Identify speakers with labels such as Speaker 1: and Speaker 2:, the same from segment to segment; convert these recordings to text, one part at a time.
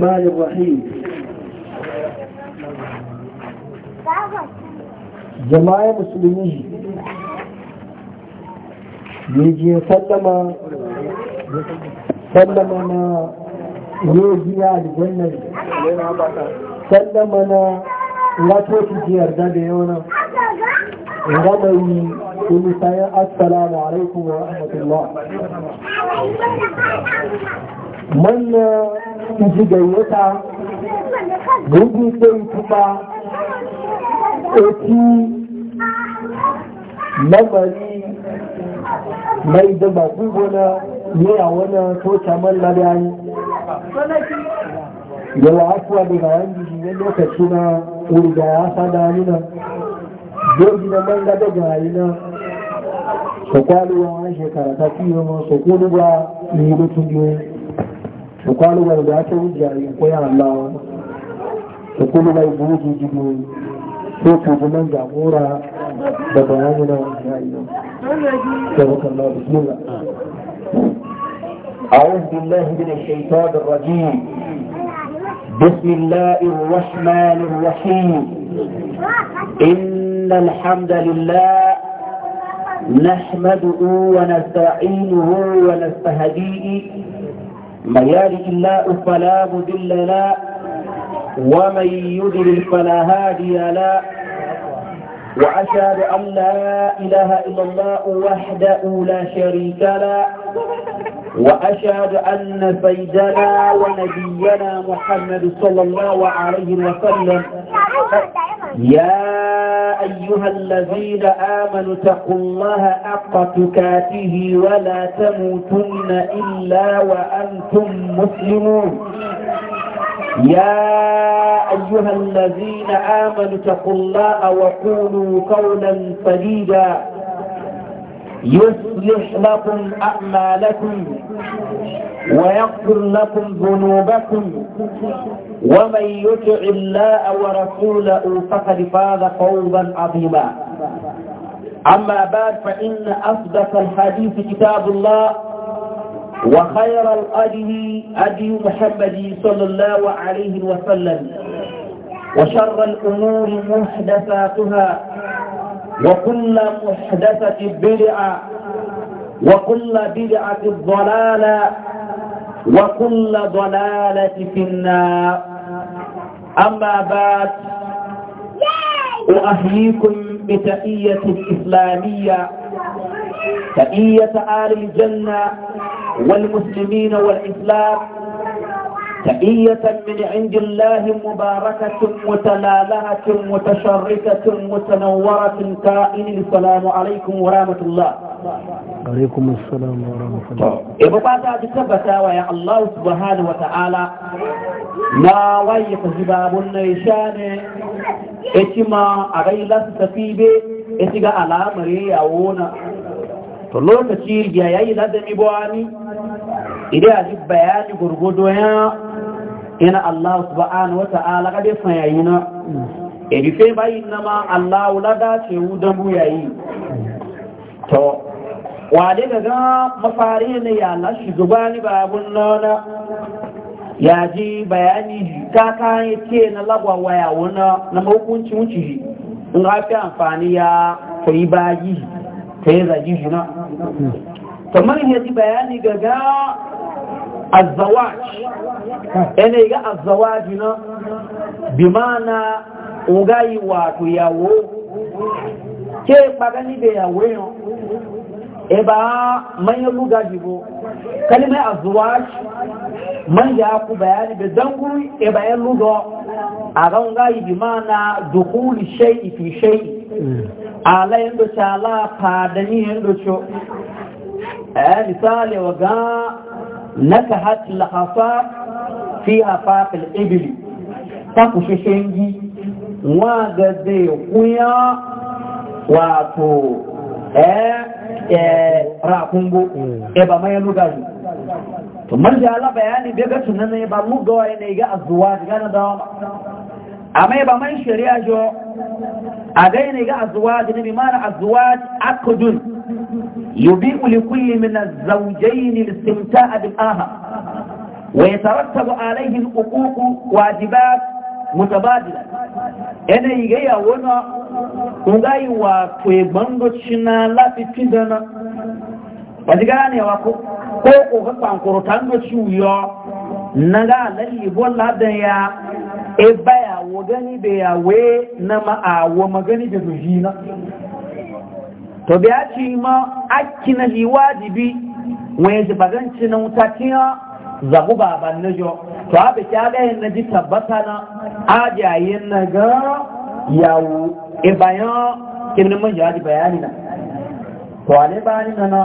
Speaker 1: الرحمن الرحيم جماعة مسلمين يجي سلم سلم ما يجي على الجنة سلم ما لا توتي يرد بيونا غدوي كل سنة السلام عليكم ورحمة الله manna iji gayyata gudu sai kuma oti lamari mai da baku gona ne a wani tocha man labari yawa afuwa daga yanzu shi ne lokaci na wurga ya sada nuna dogi na man gada gari na su kwaluwa shekara ta fiye ma su kunu ba ne mutum yoyi وقالوا لو يا الله تقول لا يبوز يجيبون فوق جمال جابورا ببيانينا وانجاينا تبارك الله بسم أعوذ بالله من الشيطان الرجيم بسم الله الرحمن الرحيم إن الحمد لله نحمده ونستعينه ونستهديه من يهده الله فلا مذل لا ومن يذل فلا هادي لا وأشهد أن لا إله إلا الله وحده لا شريك له وأشهد أن سيدنا ونبينا محمد صلى الله عليه وسلم يا أيها الذين آمنوا اتقوا الله حق تكاته ولا تموتن إلا وأنتم مسلمون يا أيها الذين آمنوا اتقوا الله وقولوا قولا سديدا يصلح لكم أعمالكم ويغفر لكم ذنوبكم ومن يطع الله ورسوله فقد فاز فوزا عظيما أما بعد فإن أصدق الحديث كتاب الله وخير الاجر اجر محمد صلى الله عليه وسلم وشر الأمور محدثاتها وكل محدثة بدعة وكل بدعة ضلالة وكل ضلالة في النار أما بعد أحييكم بتأية الإسلامية تأية آل الجنة والمسلمين والإسلام تحية من عند الله مباركة متلالهة متشركة متنورة كائن السلام عليكم ورحمة الله عليكم
Speaker 2: السلام ورحمة الله إبو
Speaker 1: باتا تثبتا ويا الله سبحانه وتعالى ما ويق زباب النيشان إتما أغيلا سفيبي إتقى على مريعون وونا تشير جايا لازم يبواني إذا أجيب بياني قرقودوها ina Allah subhanahu wa ta'ala kade san yayi na e bi fe bayi na ma Allah da ce u da bu yayi to wa de ga mafari ne ya la shi ba babun nona ya ji bayani ta kan yake na lagwa waya wona na hukunci wuci in ga fi amfani ya to yi bayi ta yi zaji na to mun ya bayani ga ga الزواج أنا يقع الزواج هنا بمعنى أغاي واتو ياو كيف بغاني بياو eba manyan luga jibo kalimai azuwaj man ya bayani da danguri eba a ran gayi bi mana dukuli shai fi shai ala yan doce ala misali نكهت الحصى في أفاق الإبل تقش شنجي وغزي قيا واتو rakungo e ba mai luga shi to man da ala bayani bai ga tunan ne ba luga wa ne ga azuwa daga na dawa amma ba mai shari'a jo a gaina ga azwaj ne bi mana azwaj aqdun yubi'u li kulli min az-zawjayn al-istimta'a bil aha wa yatarattabu alayhi al-huquq wajibat mutabadila ene yi ya wona ungai wa twebango china la pitidana wajigane wako ko ko ga pankoro tango ciwo naga lalli bolla da ya e baya wo gani da yawe na ma'awo magani da zujina to da ya ci ma aki na liwajibi wani jibaganci na wutatiya zagu baban na jo to abu kyagayen na ji tabbata na ajayen na ga yawo e bayan kimin man jaji bayani na to ale bayani na na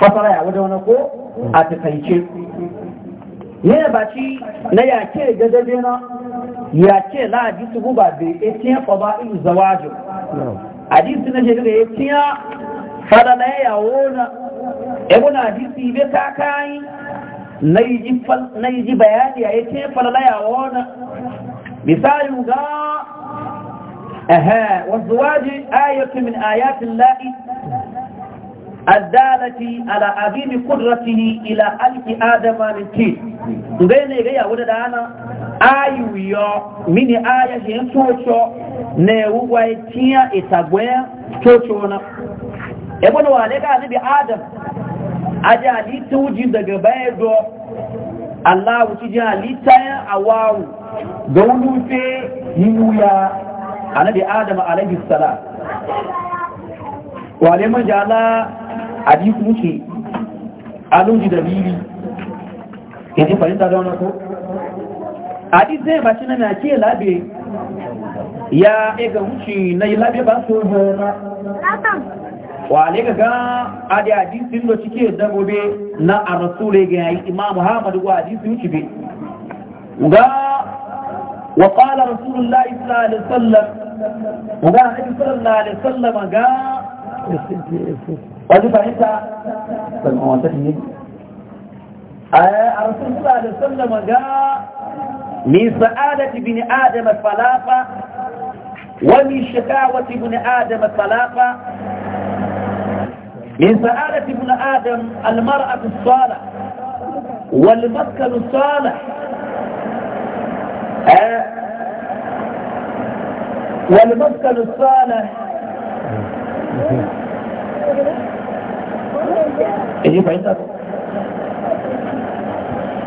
Speaker 1: fasara yawo da wani ko a takaice ne bá ci na yake gadabe na yake na hadisi guba da ya e tiya faba in zawajin hadisi na shekaru ya e tiya fada na yawo na ebuna hadisi bai ta na yi ji bayani ya e tiya fada na yawo na misali ga wasu waje ayatun min ayatin la'i addalati ala azimi qudratihi ila alki adama min tin ngene ga ya wada dana ayu yo mini aya je tocho ne wugwa itia itagwe tocho na ebo no wale ga nabi adam aja Allah wuci ji halitta ya awawu ga wulufe yiwuya annabi adam alaihi salam wale majala a dikuce alunji da biri yanzu fahimta da wani ko adi zai baci na na ke labe ya e ga wuce na yi labe ba so gona wale ga gan adi hadisin da cike da gobe na a rasule ga yayi imam muhammad wa hadisin ci be ga wa qala rasulullahi sallallahu alaihi wasallam ga annabi sallallahu alaihi wasallam ga الرسول صلى الله عليه وسلم جاء من سعادة ابن آدم الفلافة ومن شكاوة ابن آدم الفلافة من سعادة ابن آدم المرأة الصالح والمسكن الصالح والمسكن الصالح ايه فهمت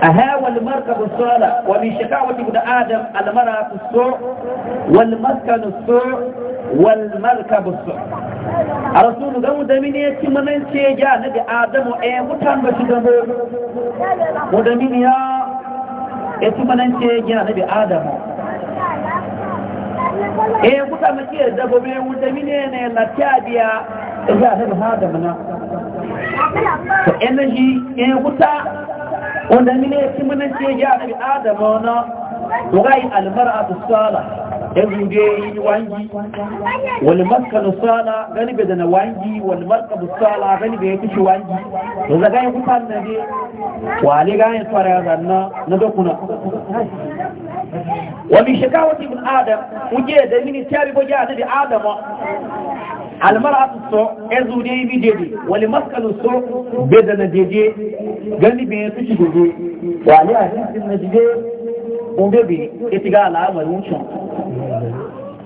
Speaker 1: أهاوى المركب الصالة ومن شكاوة ابن آدم المرأة السوء والمسكن السوء والمركب السوء الرسول قام دمين يتي من سيجا نبي آدم ايه متان بشي دمو ودمين يا يتي من سيجا نبي آدم ايه متان بشي دمو ودمين يا نتابيا za a daga hada mana to energy in eh, wuta wanda mine ya ci mana ce ya rabi adama wana wurai almar'a ta sala ya zuje yi wangi wani maska maskanu sala gani bai na wangi wani markabu sala gani bai kishi wangi to zaga yi kuta na ne wale gani tsara yanzu zanna na dokuna wani wata ibn adam muje da mini tarihi ya rabi adama almara su so ezu ne yi bidede wani maskalu so beda na jeje gani biyu su ci gobe wa ne a na jide un bebe ya ci gala a wani wuncin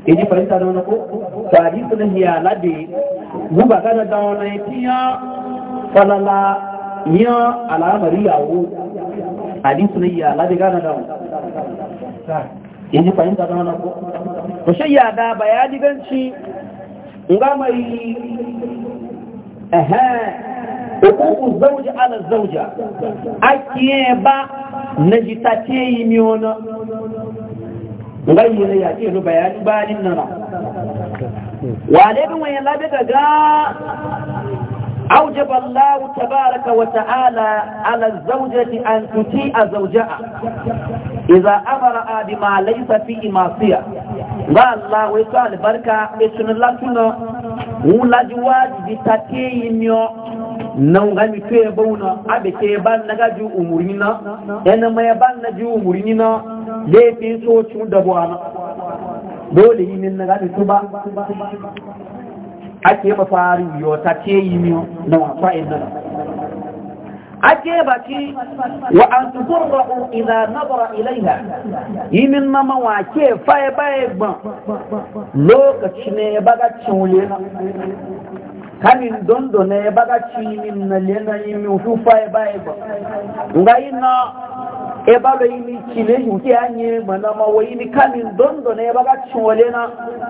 Speaker 1: e ji wani ko ba a jisun ni a lade guba gada da wani tiya falala niya al'amari yawo a jisun ni a lade gada da wani e ji farinta wani ko ko shayya da bayani ganci ngama yi ehe hukuku zauji ala zauja akiye ba na ji ta jitace yi miyona ngayi yi ya ce no bayani bayanin nana, wale bin wani labe daga أوجب الله تبارك وتعالى على الزوجة أن تطيع زوجها إذا أمر بما ليس فيه معصية ba Allah wai to albarka etun latuna wula jiwaji take yinyo na ngami to e bauna abe ke ban naga ju umurina yana mai ban na ju umurina lefi so chu da bwana dole yin naga to ba ake ba fari yota ce yi miyo na wafa inda ake baki wa an tukurra'u idza nazara ilaiha yimin mama wake faye baye ban lokaci ne baga cinye na kamin dondo ne baga cinin na lena yimi fu faye baye ban ngai na e baga yimi cile yuke anye mana yi ni kamin dondo ne baga cinye na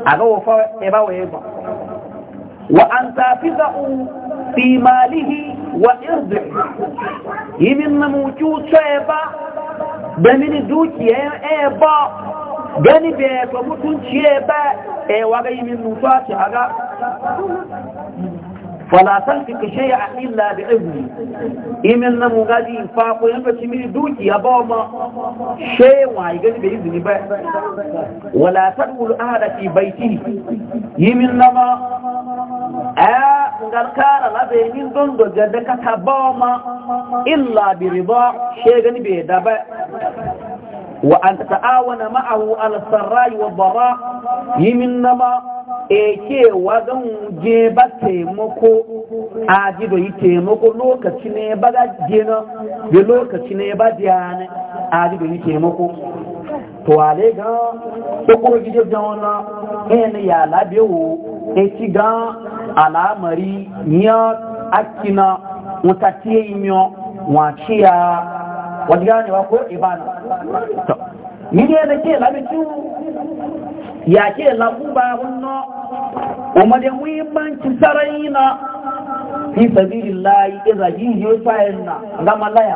Speaker 1: a aga wofa e bawe ban وأن تافذه في ماله وإرضه يمن موجود شايبا دمين دوكي ايبا جانب ايبا متون اي ايواغا يمن نوتاتي هذا فلا تنفق شيئا إلا بإذني يمن مغادي فاقو ينبتي من دوكي أباما شيء وعيقل بإذني بأ ولا تدخل أهل في بيته يمن ما Eh, ngal kara la be min don do illa bi rida shegani be daba wa an ta'awana ma'ahu ala sarrai wa dara yiminnama e ke wa gan je ba taimako aji do yi taimako lokaci ne ba ga je na be lokaci ne ba diya ne aji do yi taimako Tuwale gan kókóró gidi jẹun la ẹni yà lábẹ́wò etí gan alámàrí yán akina wọn ta tí èyí mìíràn wa kó ìbánu tọ́ yìí ẹni tí ẹ̀ lábẹ́ tí yà kí ẹ̀ lábúbà wọn ná ọmọdé wọn yìí máa na fi sàbí ìlà ìdẹ́zà yìí yóò fà ẹ̀ nà àgbàmọ́ láyà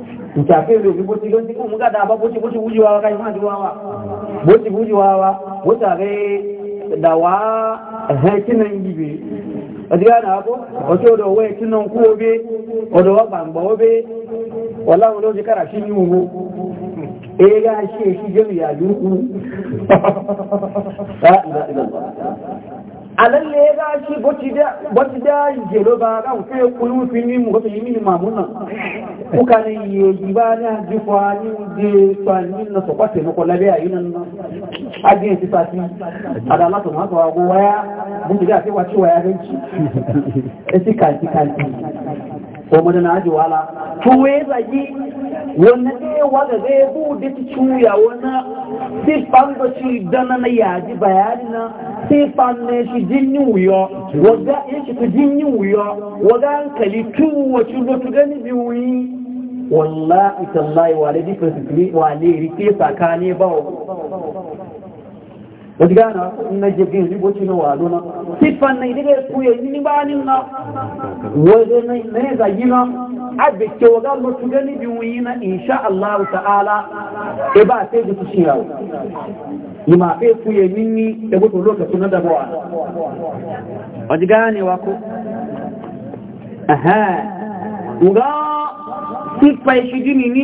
Speaker 1: nke ní bó ti ló ti kún mú gàdá àbá bó ti bó ti wújú wa káyí máa ti wá wa bó ti wújú wa wa bó tàrí dàwà ẹ̀hẹ́ tí náà yìí bè ọdíyà náà kó ọtí ọdọ̀ owó ẹ̀tí náà kú obé ọdọ̀ wà gbàǹgbà obé ọláwọn ló ti kára sí ní alalle ya ga shi wata da jelo ba ga ku ya kulu fi ni mu ga yi mini mamuna ku ka ne ye ba na ji kwani de kwani na so kwate no ko labe ayi nan ajin ti fati ada la to ma ko waya mun ga wa wace waya ganci e ti kanti kanti ko na ji wala to we zagi wannan dai wanda zai bu da ta cuya wannan sai fango shi dana na yaji bayani na sai fanne shi jinni wuyo waga ya shi ta jinni wuyo waga hankali tu wacu lotu gani bi wuyi wallahi tallahi walidi fasiri wale rike sakane bawo wata gana na jirgin ribo ce na wado na siffan na idiga ku ya yi banin na wajen na ya zagi na abin ke waga mutu gani bi yi na insha Allah ta'ala e ba sai da su shi yawo yi ma fe ku ya yi ni da gutu lokacin na damuwa wata gane wa ku aha uga siffan shi jini ni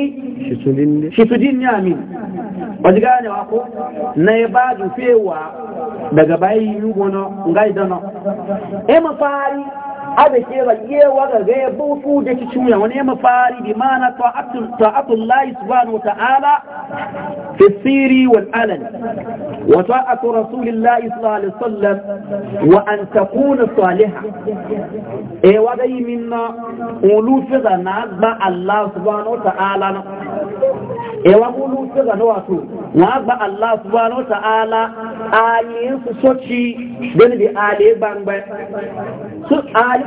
Speaker 1: shi su jini amin wajen ganewa na ya ba jufewa daga bayan yi gona ga idana e mafari hada ke rage wa ga ga bufu da ci cin wani ya mafari bi mana ta'atul ta'atul lahi subhanahu wa ta'ala fi sirri wal alan wa ta'atu rasulillahi sallallahu alaihi wasallam wa an takuna salihah e wa ga minna ulu fi zana ba Allah subhanahu wa ta'ala e wa ulu da zana wato wa ba Allah subhanahu wa ta'ala ayin su soci dan bi ale bangba su ali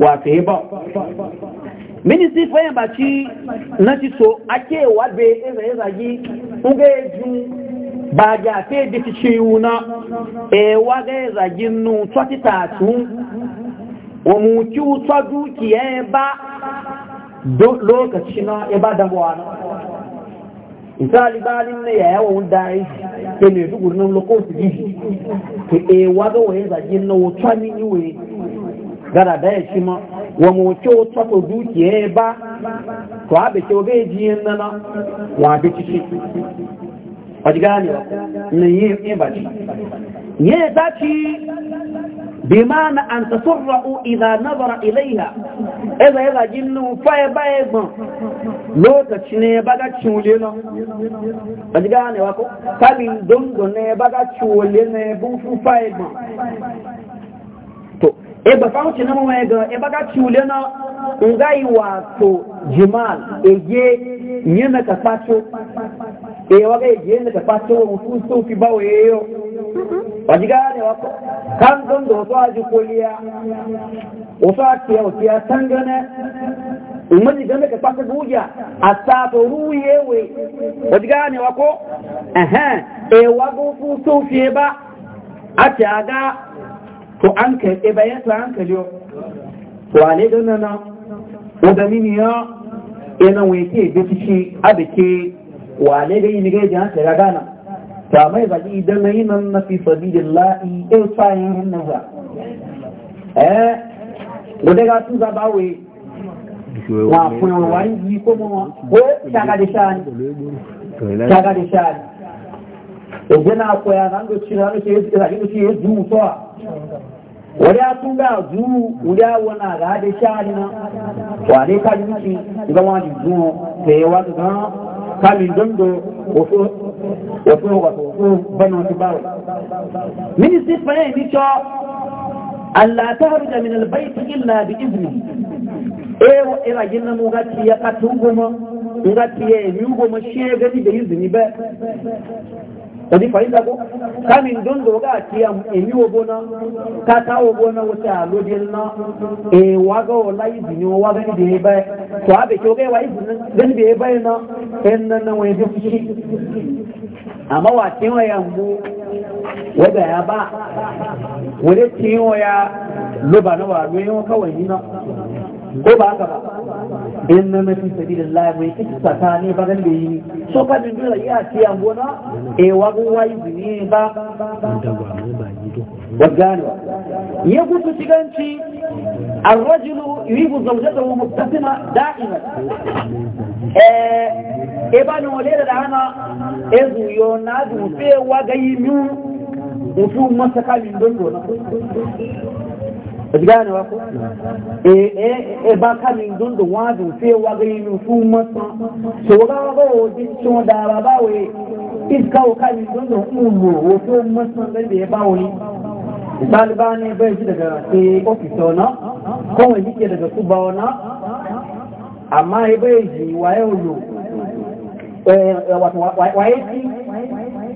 Speaker 1: Wa fèé bọ̀. Ministry fẹ́yìn bá tí náà ti so aké ìwádìí ẹ̀rẹ̀ ẹ̀rẹ̀ yìí ń gẹ́ ju bàjẹ́ àfẹ́ di ti ṣe ìwù náà ẹ̀wà gẹ́ ẹ̀rẹ̀ yìí nù tọ́títà tún wọ̀mù kí ó tọ́jú kì ẹ bá lókàci náà ẹ bá dabuwa ba? Misali balin na yaya wa ne ya yi ke mai dugurin lokacin jiji, ke ewa ga waye zagin nu wuta ni iwe gara da ma wa mace wata ko dukiya ya ba to abe ce oge ji yin nana wa bi ciki wajen gane wa nan yi yin ba ci ta bi ma na an ta surra'u idha nazara ilaiha eza eza jinnu faye baye lokaci ne na wa ko ne na ebe fa wuce namu mai ga ebe ga ciwule na ngai wato jimal ege yana ka fato e waga ege yana ka fato mutu so fi bawo yeyo mm-hmm. wajiga ne wako kan don do so aji koliya o so ati o ti asangane umaji ganda ka fato guja asato ruyewe wajiga ne wako eh eh e wago fu so fi ba ati aga to an ka e bayan to an ka jo to na o da mini ya ina we ke be tishi abike wale ga ni ga jan ta gana ta mai zaki idan nayi nan na fi sabilillahi in fayin hinna ba eh gode ga tun za bawe
Speaker 2: wa kuna wani
Speaker 1: yi ko mo ko daga da shani daga da shani Ejena koya zan nan gochi na nake yi zaki nake yi zuwa Wani wadda tun ga wani wadda wana ga da sha sha'ani wa ne ka yuki ga wani zu da ya wani ga min dondo wasu wasu wasu bana wasu bawa ministry fayin nicho Allah ta haru da min albayti illa bi izni ewa ira ginna mu gati ya katunguma ngati ya mi ugoma shega ni da izini ba wani fahimta ko kamin don doga a kiya emi ogona kata ogona wata alodin na e waga wala izi ne wa gani da ya baya to abe ke ogai wa izi gani da ya baya na yan nan na wani zai fushi amma wa kewa ya mu
Speaker 2: wadda ya ba wani kewa
Speaker 1: ya loba na wa loyin kawai yi na ko ba ka ba in na mafi sabi da lamai ita sata ne ba gan da yi so ba min jira iya ce gona e eh, wagun wayi zini ba ba gano ya gutu ciganci الرجل يريد زوجته مبتسمة دائما ابن وليد العنا اذ يناد في وغيمو وفي مسكا من دندو ẹ̀dí gáyà ni wá kó ẹ̀bá kámi dúndù wọn á dùn sí ẹwà gẹ́yìn inú fún mọ́sán ṣòwòrán ọgọ́ òdí tí wọ́n dára báwo ìsìká wò kámi dúndù ń lò ó tó mọ́sán lẹ́lẹ̀ ẹ̀bá òní ìsálíbá ní ẹgbẹ́ ìjì daga ṣe ọ́fíìsì ọ̀nà kọ́wọ̀n ìjì kẹ daga kúba ọ̀nà àmá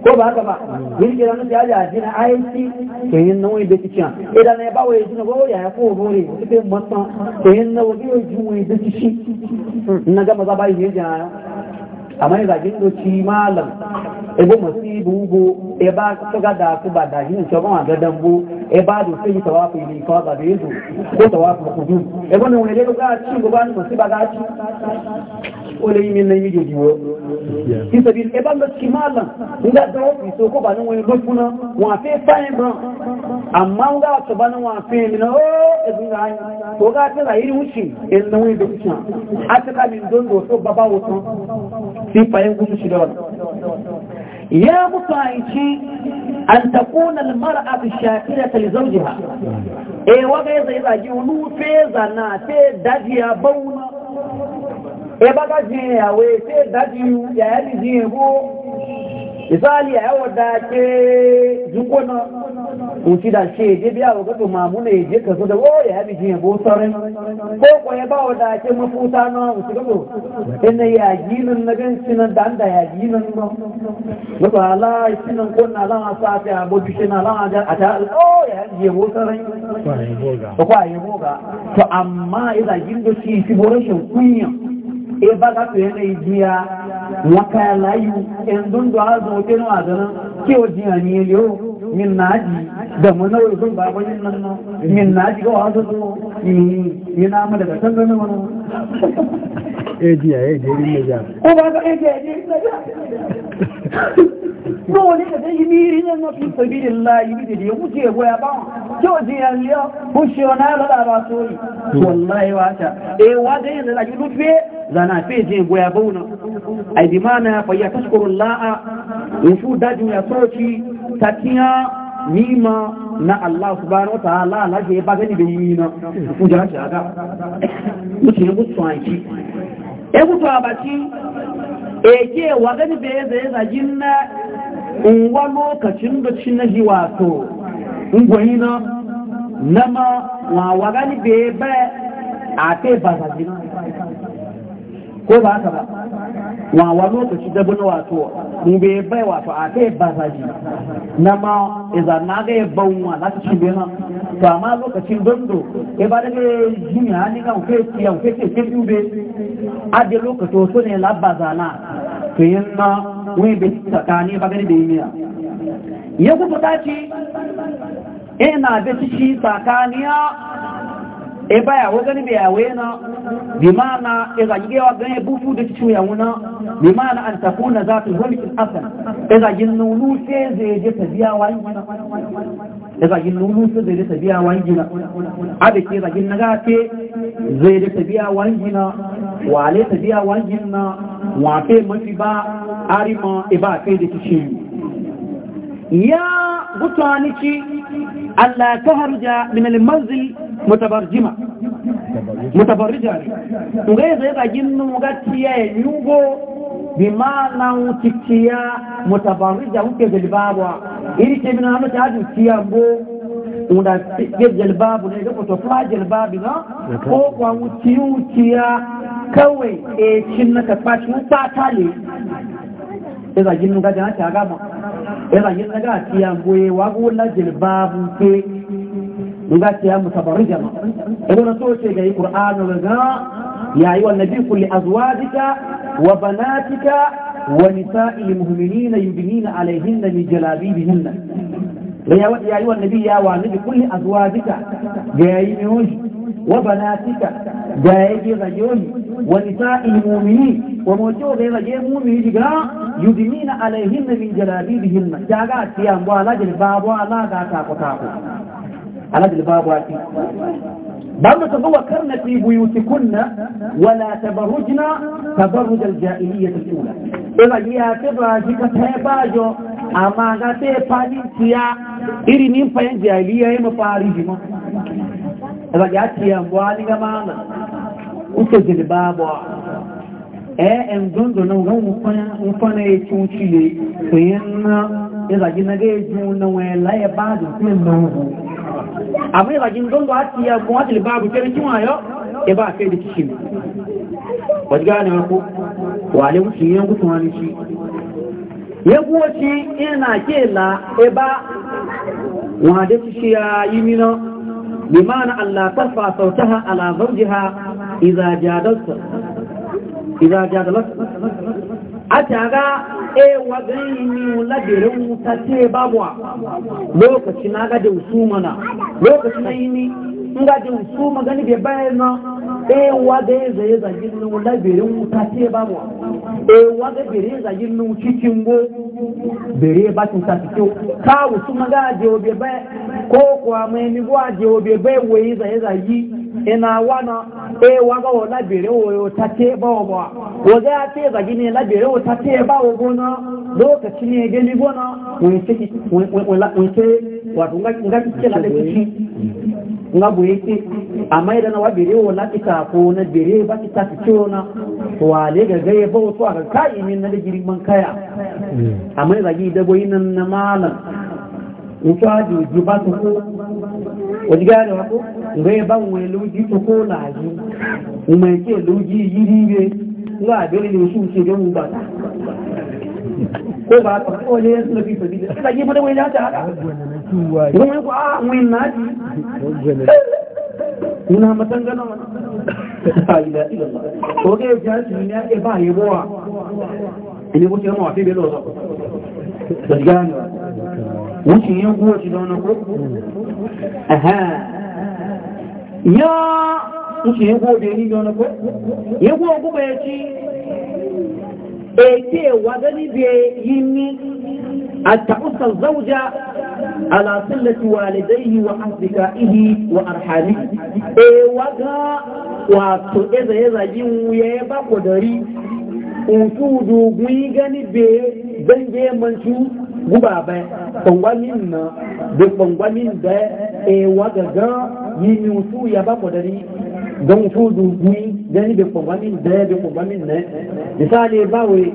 Speaker 1: ko ba haka ba yin kira nan ya jaji na aiki to yin nan wani da kiciya idan ne ba wai jina ba ya ko gore su ke masa to yin nan wani wai jin wani da na ga maza ba yi jina amma ya zagin doci malam ebo masibu ẹba yi kúbàdà yìí ìṣọ́gbọ́n àgẹ́dẹ́gbó ẹba àdùsí ìtọ̀wáfù ìlú ìkọ́ àgbàdo èdò tó tọ̀wáfù kùdù ne ìwọ̀n ilé gbogbo àti gbogbo àti mọ̀ sí bàgá àti ó lè yí mi lè yí jòjì wọ́ ìṣẹ̀bí ẹba lọ sí máa lọ nígbà tó ó fìṣe kó bà níwọ̀n ilé fún náà wọ́n àfẹ́ fáyín bọ́n àmá ń gá àtọ̀bá náà wọ́n àfẹ́ mi náà ó ẹ̀dùn ra yín tó gá àti ra yìí wùsì ẹ̀nà wọn ìdó kùsùn àti ká mi dóńdó tó bàbá wò tán sí fàyín kùsùn sí lọ́rọ̀ ya mutu aici an takuna almar'a bi shakira li zawjiha eh waga yaza yaza ji Wani feza zana te daji ya bauna e baga je ya we te daji ya yali je go misali a yawon da ke jikona kuci da shi je biya wa gato mamuna ya je kaso da wo ya haɓi jiya bo sauran
Speaker 2: ko
Speaker 1: ko ya ba wa da ke mafuta na wasu gato ina ya ginin na gan shi sinan da da ya ginin ba na ba ala sinan ko na lan a safi a bobi shi na lan a ta o oh, ya haɓi jiya bo sauran ko a yi boga to amma idan gindo shi fi borashin kunya Hmm. e ba ka tsaye na igiya waka layu in dun da azu ke no azana ke o jiya ni yo min naji da mun nawo sun ba wani nan no min naji ga azu to ni ni na mu daga san nan wani e jiya e je ni ne ja ko ba ka e je je ko ne da yi miri nan no fi sabilillah yi da ya wuce goya ba ke o jiya ni yo ko shi ona da ba so yi wallahi wa e wa da yin da ji dufe zana peje goya bauna ai bi mana fa ya tashkuru Allah yushu dajin ya soci tatiya nima na Allah subhanahu wataala la je ba gani be yina ku ja ta ga mutu ne mutu anki e mutu abaci e ke wa gani be zai zagin na unwa lokacin da cin na ji wato ungwani na nama wa wa gani be ba a te ba zagin ko ba haka
Speaker 2: ba
Speaker 1: wa lokaci da bin wato mu bai bai wato a kai ba sa ji na ma idan na ga ban wa na ci bai na to amma lokacin dondo e ba da jini ha ni ko ki ya ki ke ke be a da lokaci to ne la bazana to yin na wai bai tsakani ba gani da miya ya ku ta ci ina da ciki tsakaniya eba ya waga ni biya wena bimana iza e jigewa ganye bufu da cikin ya wuna na an na za ta zoli in asan iza e jin nunu sai zai je ta biya wani iza jin e nunu sai zai je ta biya wani gina abe ke iza jin naga ke zai je ta biya wani gina wale ta biya wani gina wafe mafi ba arima iba kai da cikin ya butaniki Allah ta harja min al-manzil mutabarjima mutabarrija ne ngai zai bagin nu gatiya ya yugo bi ma nan tikiya mutabarrija muke galibabwa iri ce min amma ta hadu tiya go unda ke jalbabu ne ga to fa jalbabi na ko kwa mutiyu tiya kawai e cin na ka fashi ta tale zai bagin nu ga ta gama yana yi tsaga tiya goye wago la jilbabu ke nga tiya mutabarrija ma idan na soce ga yi qur'anu ga ya yi wa nabi kulli azwajika wa banatika wa nisa'il mu'minina yudnina alaihinna min jalabibihinna ya yi wa nabi ya wa nabi kulli azwajika ga yi ne وبناتك جايجي غيون ونساء المؤمنين وموتو غير جاي مؤمنين جاء يدمين عليهم من جلابيبهم جلابيبهن جاء تيام ولا بابوا لا غاتا قطاقو على جل بابوا تي بعد تقوى كرنا في بيوتكن ولا تبرجنا تبرج الجاهلية الأولى إذا جاء تبرجك تباجو أما غاتي فالي تيا إرنين فين جاهلية مفارجما ragatiyan buwani gamana uke jilbabuwa ɗayan dundunan ran mufana ya ci na na ya ya yana ke la بمعنى أن لا ترفع صوتها على زوجها إذا جادلت إذا جادلت أتغى e wagayi labirin ta ce babuwa lokaci na gaji usuma na lokaci na yi ni in gaji usuma gani bai bayan na e wagayi zai zagi labirin ta ce babuwa ewaga eh, ga bere za yin nu cikin go bere ba tun ta cikin kawo su maga je obe ba ko yi ina e wana ewa eh, bere wo ta te ba wo ba gini la bere wo ta te ba wo gona lokaci ne ga ni gona wo ce wo nga buyeke amma idan wa bere wa na tika ko na bere ba ki ta ciwo na wa le ga gaye ba wato a kai min na da girman kaya amma da gi da boyin nan na malam mutuwa ji ji ba su ko
Speaker 2: wani gane wa ko ngai
Speaker 1: ban wai luji to ko na ji mai ke luji yi ribe, nga bere ne su ce da mu ba ko ba ko ne su na bi sabi da ji ba da wai la ta wọ́n yíkọ́ àwọn ìnáàjì nínú àmàtàngánà ọgá ẹ̀fẹ́ àti ní ẹbá àyẹ̀bọ́ wà ilé bó ti ọmọ wà fíbẹ̀ lọ́sọ̀ wọ́n sì yẹn gúwọ́ ti lọ́nà kó yán sì yẹn gúwọ́ bẹ̀ẹ́ ní lọ́nà kó yẹn gúwọ́ gúbẹ̀ ẹ̀kí ètè wà gẹ́ níbi yìí ní àtàkùsà záújá على صلة والديه وأصدقائه وأرحامه إيه وقا واتو إذا إذا جيو يبا قدري وجود ويغني بي بنجي منشو gubaba kwangwamin na da kwangwamin da ewa gaga yi mutu ya ba kwadari don su dubi gani da kwangwamin da da kwangwamin na misali bawai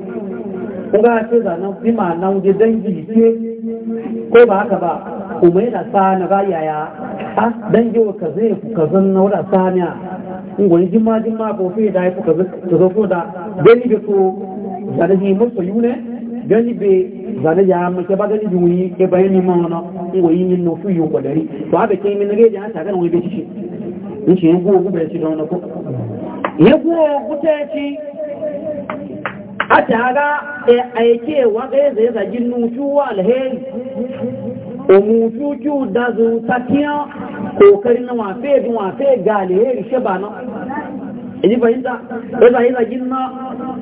Speaker 1: kuma ce zanen fima na wuce dangi ce ko ba haka ba kuma yana tsana ba yaya a dan yi wa ka zai ku ka zanna wada tsaniya in gwani jima jima ko fi da ya ku ka zo ko da gani da ko zane ji musu ne gani be zane ya amma ke ba gani bi wuni ke bayan ni ma wana in gwani yin no fi yun kwadari to haka ke min rage an tagan wani bai ci in shi yin guwa gube bai ci da wani ko yin guwa gube ya ci hata ga aike wa ya zai zagin nutu alheri mutu ju da zutakiya kokari na wafe bi wafe ga alheri shi ba na iji e fahimta ya e zai zagin na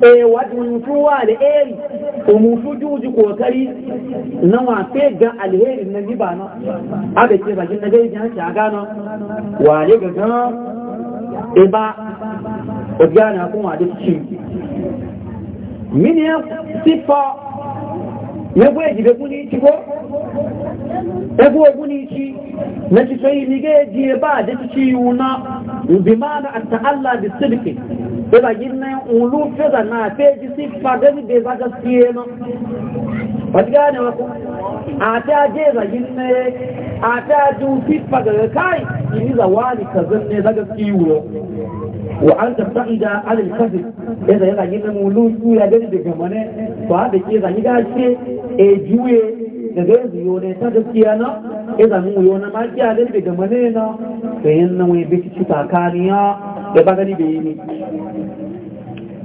Speaker 1: e, wata nutu alheri mutu ju ji kokari na wafe ga alheri na ji ba na abe ce zagin na gaji hanci a gano wale ga gan iba obiya na kuma da cikin mini ya sifa ya gwe jibe kuni ko
Speaker 2: ya gwe kuni ci
Speaker 1: na ci sai ni ga ji ba da ci ci yuna bi an ta'alla bi sidqi sai ba ginna ulu fe da na fe ji sifa ga ni be za ga siyeno wadga ne wa ko a ta je ba ginna a ta ju sifa ga kai iniza zawali kazan ne za ga wa'an tafi'ida alin kafin yadda yana yi na mulu ya gani daga mane ba da ke zanyi gashe a juye daga yanzu yau ne ta gaskiya na ya zanyi mu yau na makiya gani daga mane na da yin na wani bishi ci takaniya ya ba gani da yi ne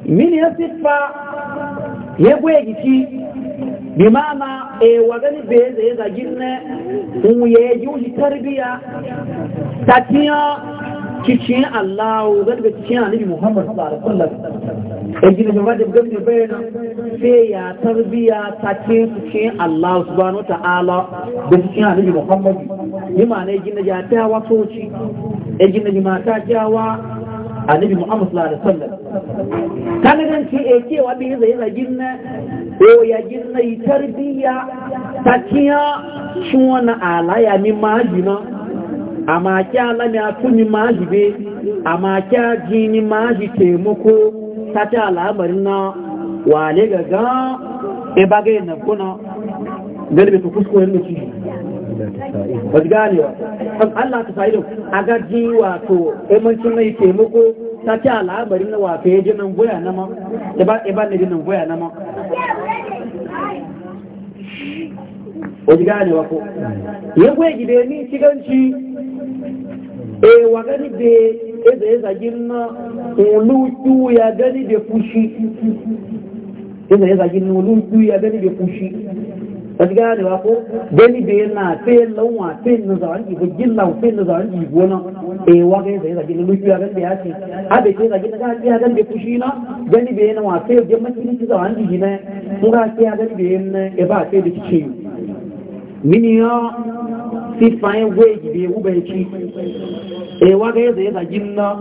Speaker 1: min ya ya gwaya gishi bi ma'ana a wa gani bai zai zagi ne mu ya yi juji tarbiya ta tiya cikin Allah garba cikin annabi Muhammad sallallahu alaihi wasallam in gina gaba da gaba da bayana sai ya tarbiya ta cikin Allah subhanahu ta'ala da cikin annabi Muhammad ni ma ne gina ta wato ci e gina ni ma ta jawa annabi Muhammad sallallahu alaihi wasallam kana dan ce e eh, ke wa bi zai zai gina o ya gina tarbiya ta cikin Allah ya mi ma gina amma kya a kuni ma jibe amma kya jini ma ji taimako ta ta al'amarin na wale gaga e bagai na kuna galibe ta kusko yin da ci ba su ganewa kan allah ta a gaji wato imancin mai taimako ta ta al'amarin na wato ya ji nan goya na ma ya ba ji nan goya na ma
Speaker 2: wajen ganewa ko ya goya gide
Speaker 1: ni shiganci Ewa eh, eh, wa gani be eza eza jinna ulutu ya gani be fushi eza eza jinna ulutu ya gani be fushi wasu gane ba ko gani be na fe lawa fe na zawan ibo jinna fe na ibo na e wa gani eza eza jinna ulutu ya gani be ya ce a be ce eza jinna gani ya gani be fushi na gani be na wa fe je makini wani zawan ibo na mun ga ce ya gani be na e ba ce da ci mini ya sifayin gwe gibe ubanci ewa eh, ga yadda ya zagi na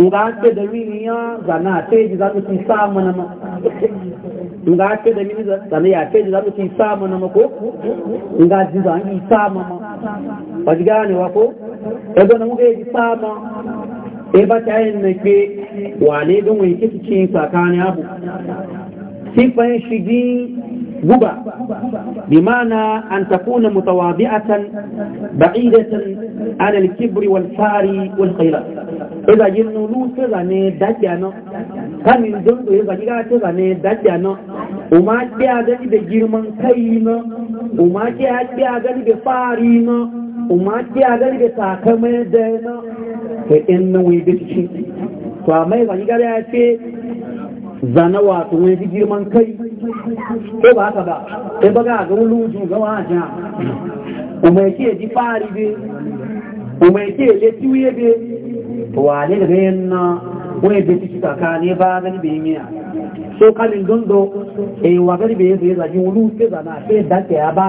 Speaker 1: nga ce da mini ya zana a teji za mu ci samu na ma nga ce da mini zana ya teji za mu ci samu na ma ko nga ji za mu samu ma ba ji gane wa ko ya e zo na mu ga yi samu e ba ta yin na ke wane don wani kisi ci tsakanin abu sifan shigi غبا بمعنى أن تكون متواضعة بعيدة عن الكبر والفار والخيرات إذا جنولو سيغاني دجانا كان من جنولو إذا جنولو سيغاني دجانا وما جاء بجرمان كينا وما جاء بفارينا وما جاء بتاكمي دينا فإنه يبتشي فما إذا جنولو سيغاني دجانا zana wato wani girman ko ba haka ba sai ba ga wuluju ga wajen umar ke ji fari be umar ke le tiwe be wale daga na, wani da ciki kakane ba gani bai miya so kalin dondo e eh, wa gani bai zai zaji wulu ke zana ke dake ya ba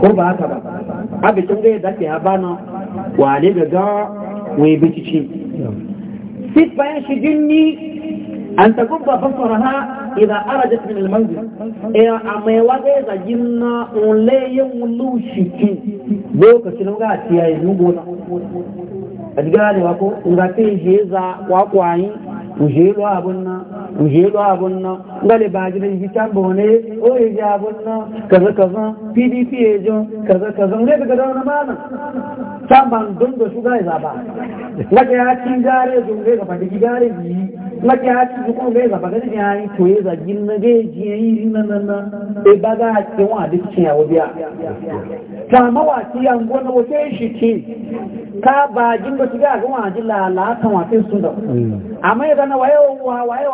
Speaker 1: ko ba haka ba abin ga ya dake ya ba na wale daga wani bikici sit bayan shi jinni an takubba ha. Yana ara da tuminin mangwaro. Amaiwa zai yi zagi nna, nk'le yi munushi kin. Lokacin n'go a tiyaye ni buɗum? Aji ga alayi ko, ngaki zai zi zaa kwa-kwa yi, nzi lua a bunan, nzi lua a bunan. Ngalekin ba ki yi can kaza-kaza, PDP yanzu, kaza-kaza. N'gai ce ka da wani ma'ana, can gani yi za ba? Nga kai yaki gyara yanzu, n'gai zama ake ki lọ́kì àti ìdúkọ́ ọ̀gá ìzàpá na ní àárín tó yé zàgí nagéjì ẹ̀yìn rí nanana e ẹgbá gá àti wọn àti ti àwọ̀ bí i kàmá wà sí àǹgbọ́ náà wọ́n fẹ́ ṣì kí ká bá jíndó ti gáà gán wa làálà kan wà sí súndọ̀ àmọ́ yẹ gánà wáyé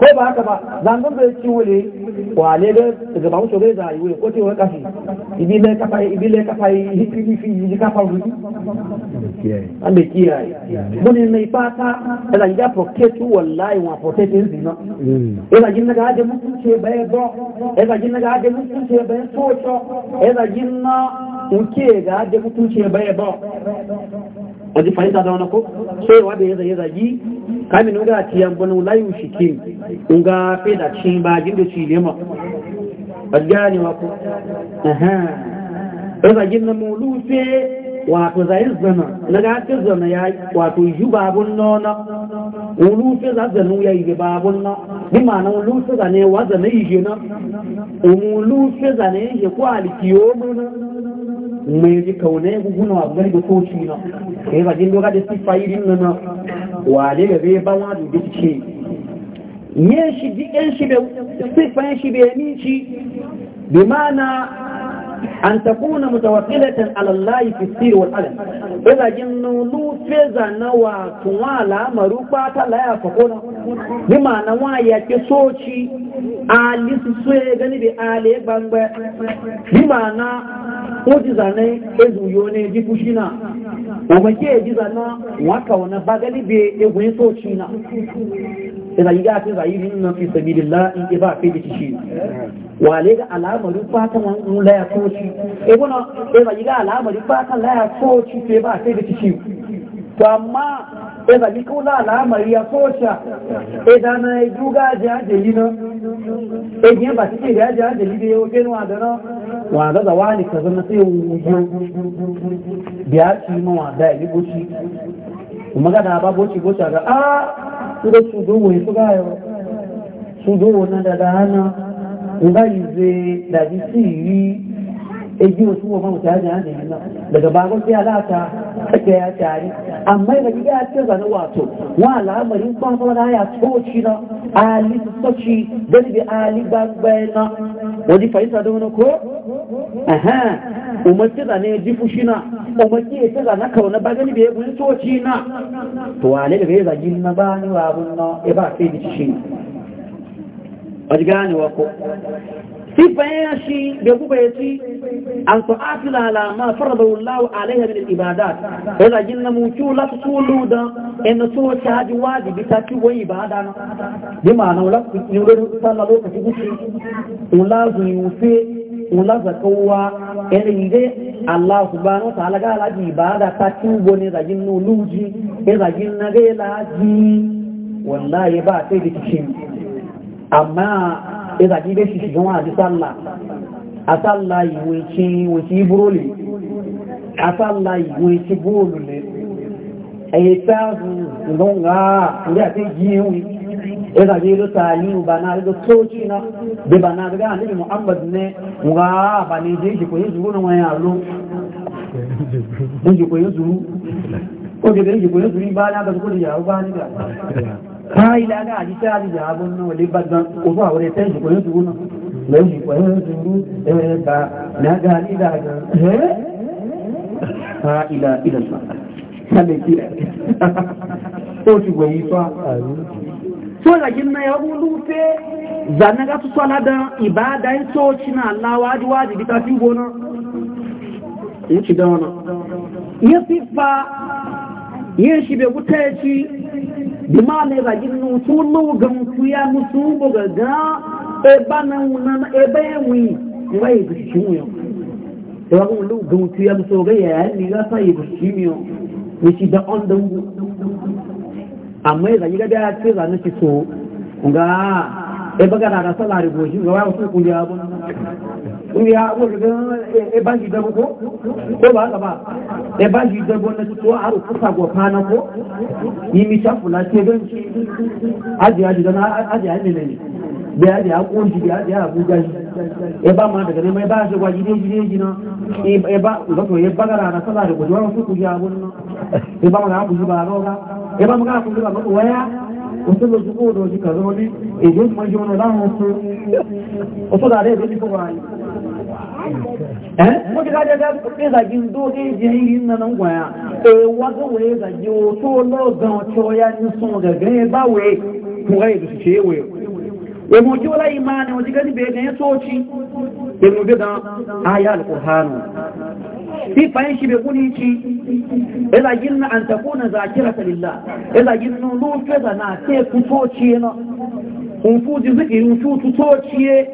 Speaker 1: ko ba haka ba làndóńdó e ya ci wọlé wà yi ìgbà wọ́n ṣọ̀rọ̀ ìzà ìwé kó tí wọ́n kàfi ìbílẹ̀ káfà ìbílẹ̀ káfà ìhìkìlì fi yìí káfà rú. Wọ́n lè kíyà. ẹ̀là ìjà pọ̀kẹ́tù wọ̀lá ìwọ̀n pọ̀kẹ́tù ń zìnà ẹ̀là jí náà adé mú tún ṣe bẹ́ẹ̀ bọ́ ẹ̀là jí náà adé mú tún ṣe bẹ́ẹ̀ sóòtọ́ ẹ̀là jí náà òkè na adé mú tún ṣe bẹ́ẹ̀ bọ́ wọ́n ti fàyíta da wani kó ṣe ìwádìí yẹ́ zàyẹ́ yi kàmì ní ọgá àti yàmbọnú láyùn ṣìkí ǹgá fẹ́dà ṣe bá jíndò sí ilé mọ̀ ọjọ́ ni wọ́n kó ẹ̀hẹ́n ẹ̀zàyí na mọ̀lú fẹ́ wato zai zana na ga zana ya wato yi babun nona wulu ce za da nuna yi babun na bi ma'ana ulu fi zane wa zana yi shi na umulu fi zane ya ko alkiyo na mai ji kaune ya guguna wa gari da koci na ka yi bajin doga da sifa irin na na wale da bai ban wadu da ce yin shi jikin shi da sifa shi bai yamin shi bi na? an takuna mutawakkilatan ala Allah fi sirri wal alam ila jinnu lu feza na wa tunwala maruba ta la ya fakona bi na wa ya ke soci ali su so gani bi ali bangba bi ma'ana oji zane ezuyo ne bi e fushina o make ji zana wa kauna ba gani bi egun soci na ina yi gafi zahiri nan fi sabilillah in ki ba fi da shi wale ga alamarin fatan wani laya koci. e gona ina yi ga alamarin fatan laya koci fe ba fi da shi to amma e ba ni ko la alamari ya tocha e da na yi duga ja da yi na e ne ba take ga ja da yi da yau ke wa da na wa ga zawani kaza na sai wuyo biya ci ma wa da yi goci kuma ga da ba goci goci ga a ah, ga ṣùdówò ìfúgá ẹ̀rọ ṣùdówò náà dáadáa náà ńgá ìwé dàbí sí ìrí eji wasu wa mawuta ya jihar jihar daga bakon sai alata take ya tare amma da gida ya ce zane wato wa al'amarin kwanfa na ya toci na ali toci gani bi ali gbagbai na wani fahimta da wani ko? aha umarci zane ya ji fushi na mamaki ya ce zana kauna ba gani bai guji toci na to wale da bai zagi na ba ni wa abun na ya ba sai da shi wajen gane wa ko sifaya shi da kuma ya ci an su'afi lalama farda wallahu alaiha min ibadat ya zagi na la su tulu da in so ta ji wajibi ta ci wai ibada na bi ma'ana wala ku ni wurin lokaci guci wala zu wula zakawa irin dai Allah subhanahu wa ta'ala ga alaji ibada ta tubo ne zagin nuluji ya zagin na gai laji wallahi ba sai da kishi amma ya zagi da shi shigan wani sallah a sallah yi wuce wuce buroli a sallah yi wuce buroli a yi ta zuwa ga ya ta yi ina je lo tali ba na ga soci na be ba ga muhammad ne wa ba je lo ko ko ko ba na ga ko ya ba ni ga ta ila ga ji ta ji ya bun no le ba wore ta ko na le je ko e na ga ni da ga ila ila sa sabe o ti fa so da gina ya rufe zane ga su tsala da ibada in so na Allah waji waji bita fi gona in ci da wana. ya siffa e e ya shi bai wuta ya ci bima ne da gina su ga su ya musu buga ga eba na wunan eba ya wuyi kuma ya gushi shi wuyan ya ga su ya musu ga yi ni ga sa ya gushi shi wuyan ya ci da on da amma ya zanyi gada ya ce zanen ki so ga ya baga da sallah da goshi ga waya wasu kungiya ba kungiya ko ga e banji da ko ko ba haka ba e banji da ko na to har kusa go kana ko yi mi ta fula ce don aji aji dan aji aji ne ne da aji a kunji da aji a buga shi eba ma daga nema eba shi gwaji dai dai gina eba zato ya bagara na sala da gujewa su ku ya gunno eba ma ga ku ba roga eba ma ga ku ba ko waya wasu da zuwa da shi kazo ne e je kuma ji wannan ran wasu wasu da dai dai ko wai eh mu ga da da ke za gin do ke je yin nan nan gwaya e wazo we za ji o to lo gan to ya ni sun ga ga ba we ku ga da shi ce we emu ji wala imani wajen gani bai ganyen soci emu bi gan aya alƙur'anu fi fayin shi bai guni ci ila yin na an tafi na zakira ta lilla ila yin na lufe da na te ku soci na kun fuji zikirin su su soci ye.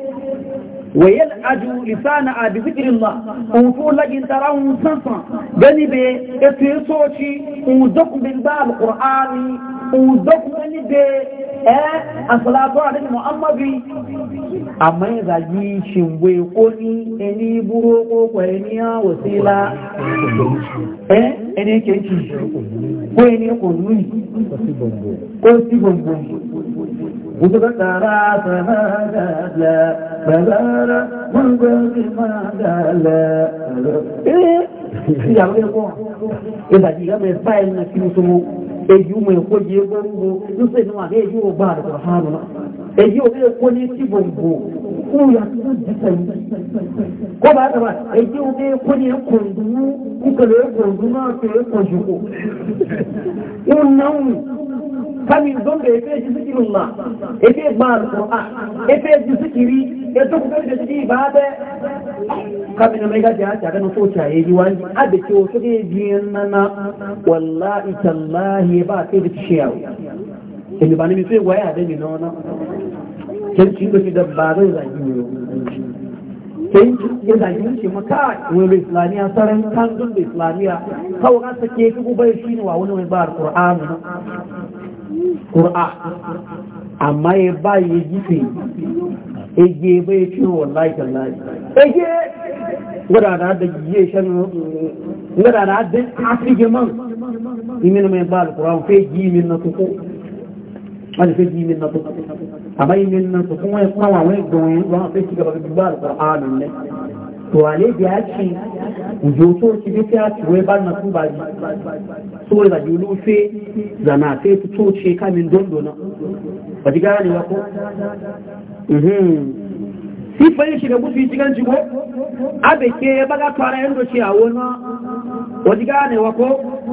Speaker 1: Wa wayel aju lisana a bi zikirin la kun fu lagin tara un sansan gani bai ya tuye soci un zakubin ba alƙur'ani un zakubin bai eh asalatu alaihi muhammadi amma ya zagi shingwe ko ni eni eh, buro ko ko eni ya wasila eh eni eh, kenki ko eni ko nuni ko si bombo Guduga tara sanada la bazara mungwe mada la na èyí mọ̀ èkó yìí ó gbórúgbó ló sì ní wàhálà èyí ò gbà àdùkọ̀ hàn lọ èyí ò bí èkó ní tí gbòǹgbò kúrò yàtọ̀ jìtẹ̀ kó bá dàbà èyí ò bí èkó ní kòǹdùnú ó náwó kamin don da ya fi shi zikirin ma ya fi ma alƙur'a ya fi shi zikiri ya duk da shi ba da kamin mai gaji ya tare na soca ya yi wani a da ke wasu ne biyan nana wallahi tallahi ba kai da shi yawo in ba ni mai tsaye waya da ni na wani can ci da shi da ba zai zagi ne sai ya zagi shi maka wani islamiya saran kan da islamiya kawai ka sake ku bai shi ne wa wani mai ba alƙur'ani ƙura amma ya ba ya jife ege bai fi wallahi tallahi ege gudana da jiye shan gudana da afirge man imin mai ba alkuran fai jimin na tuko wani fai jimin na tuku, amma imin na tuko wani kuma wani gawai wani fai ci gaba ba alkuran ne to ale biya ce ujoto ci bi ta ci wai ba na tuba ji so da julu fe zana fe fito ce kamin dondo na ba ji gane ba ko mhm. sifayin shiga musu yi cikin jigo abe ke ya baga fara yin doce a wani wajen ganewa ko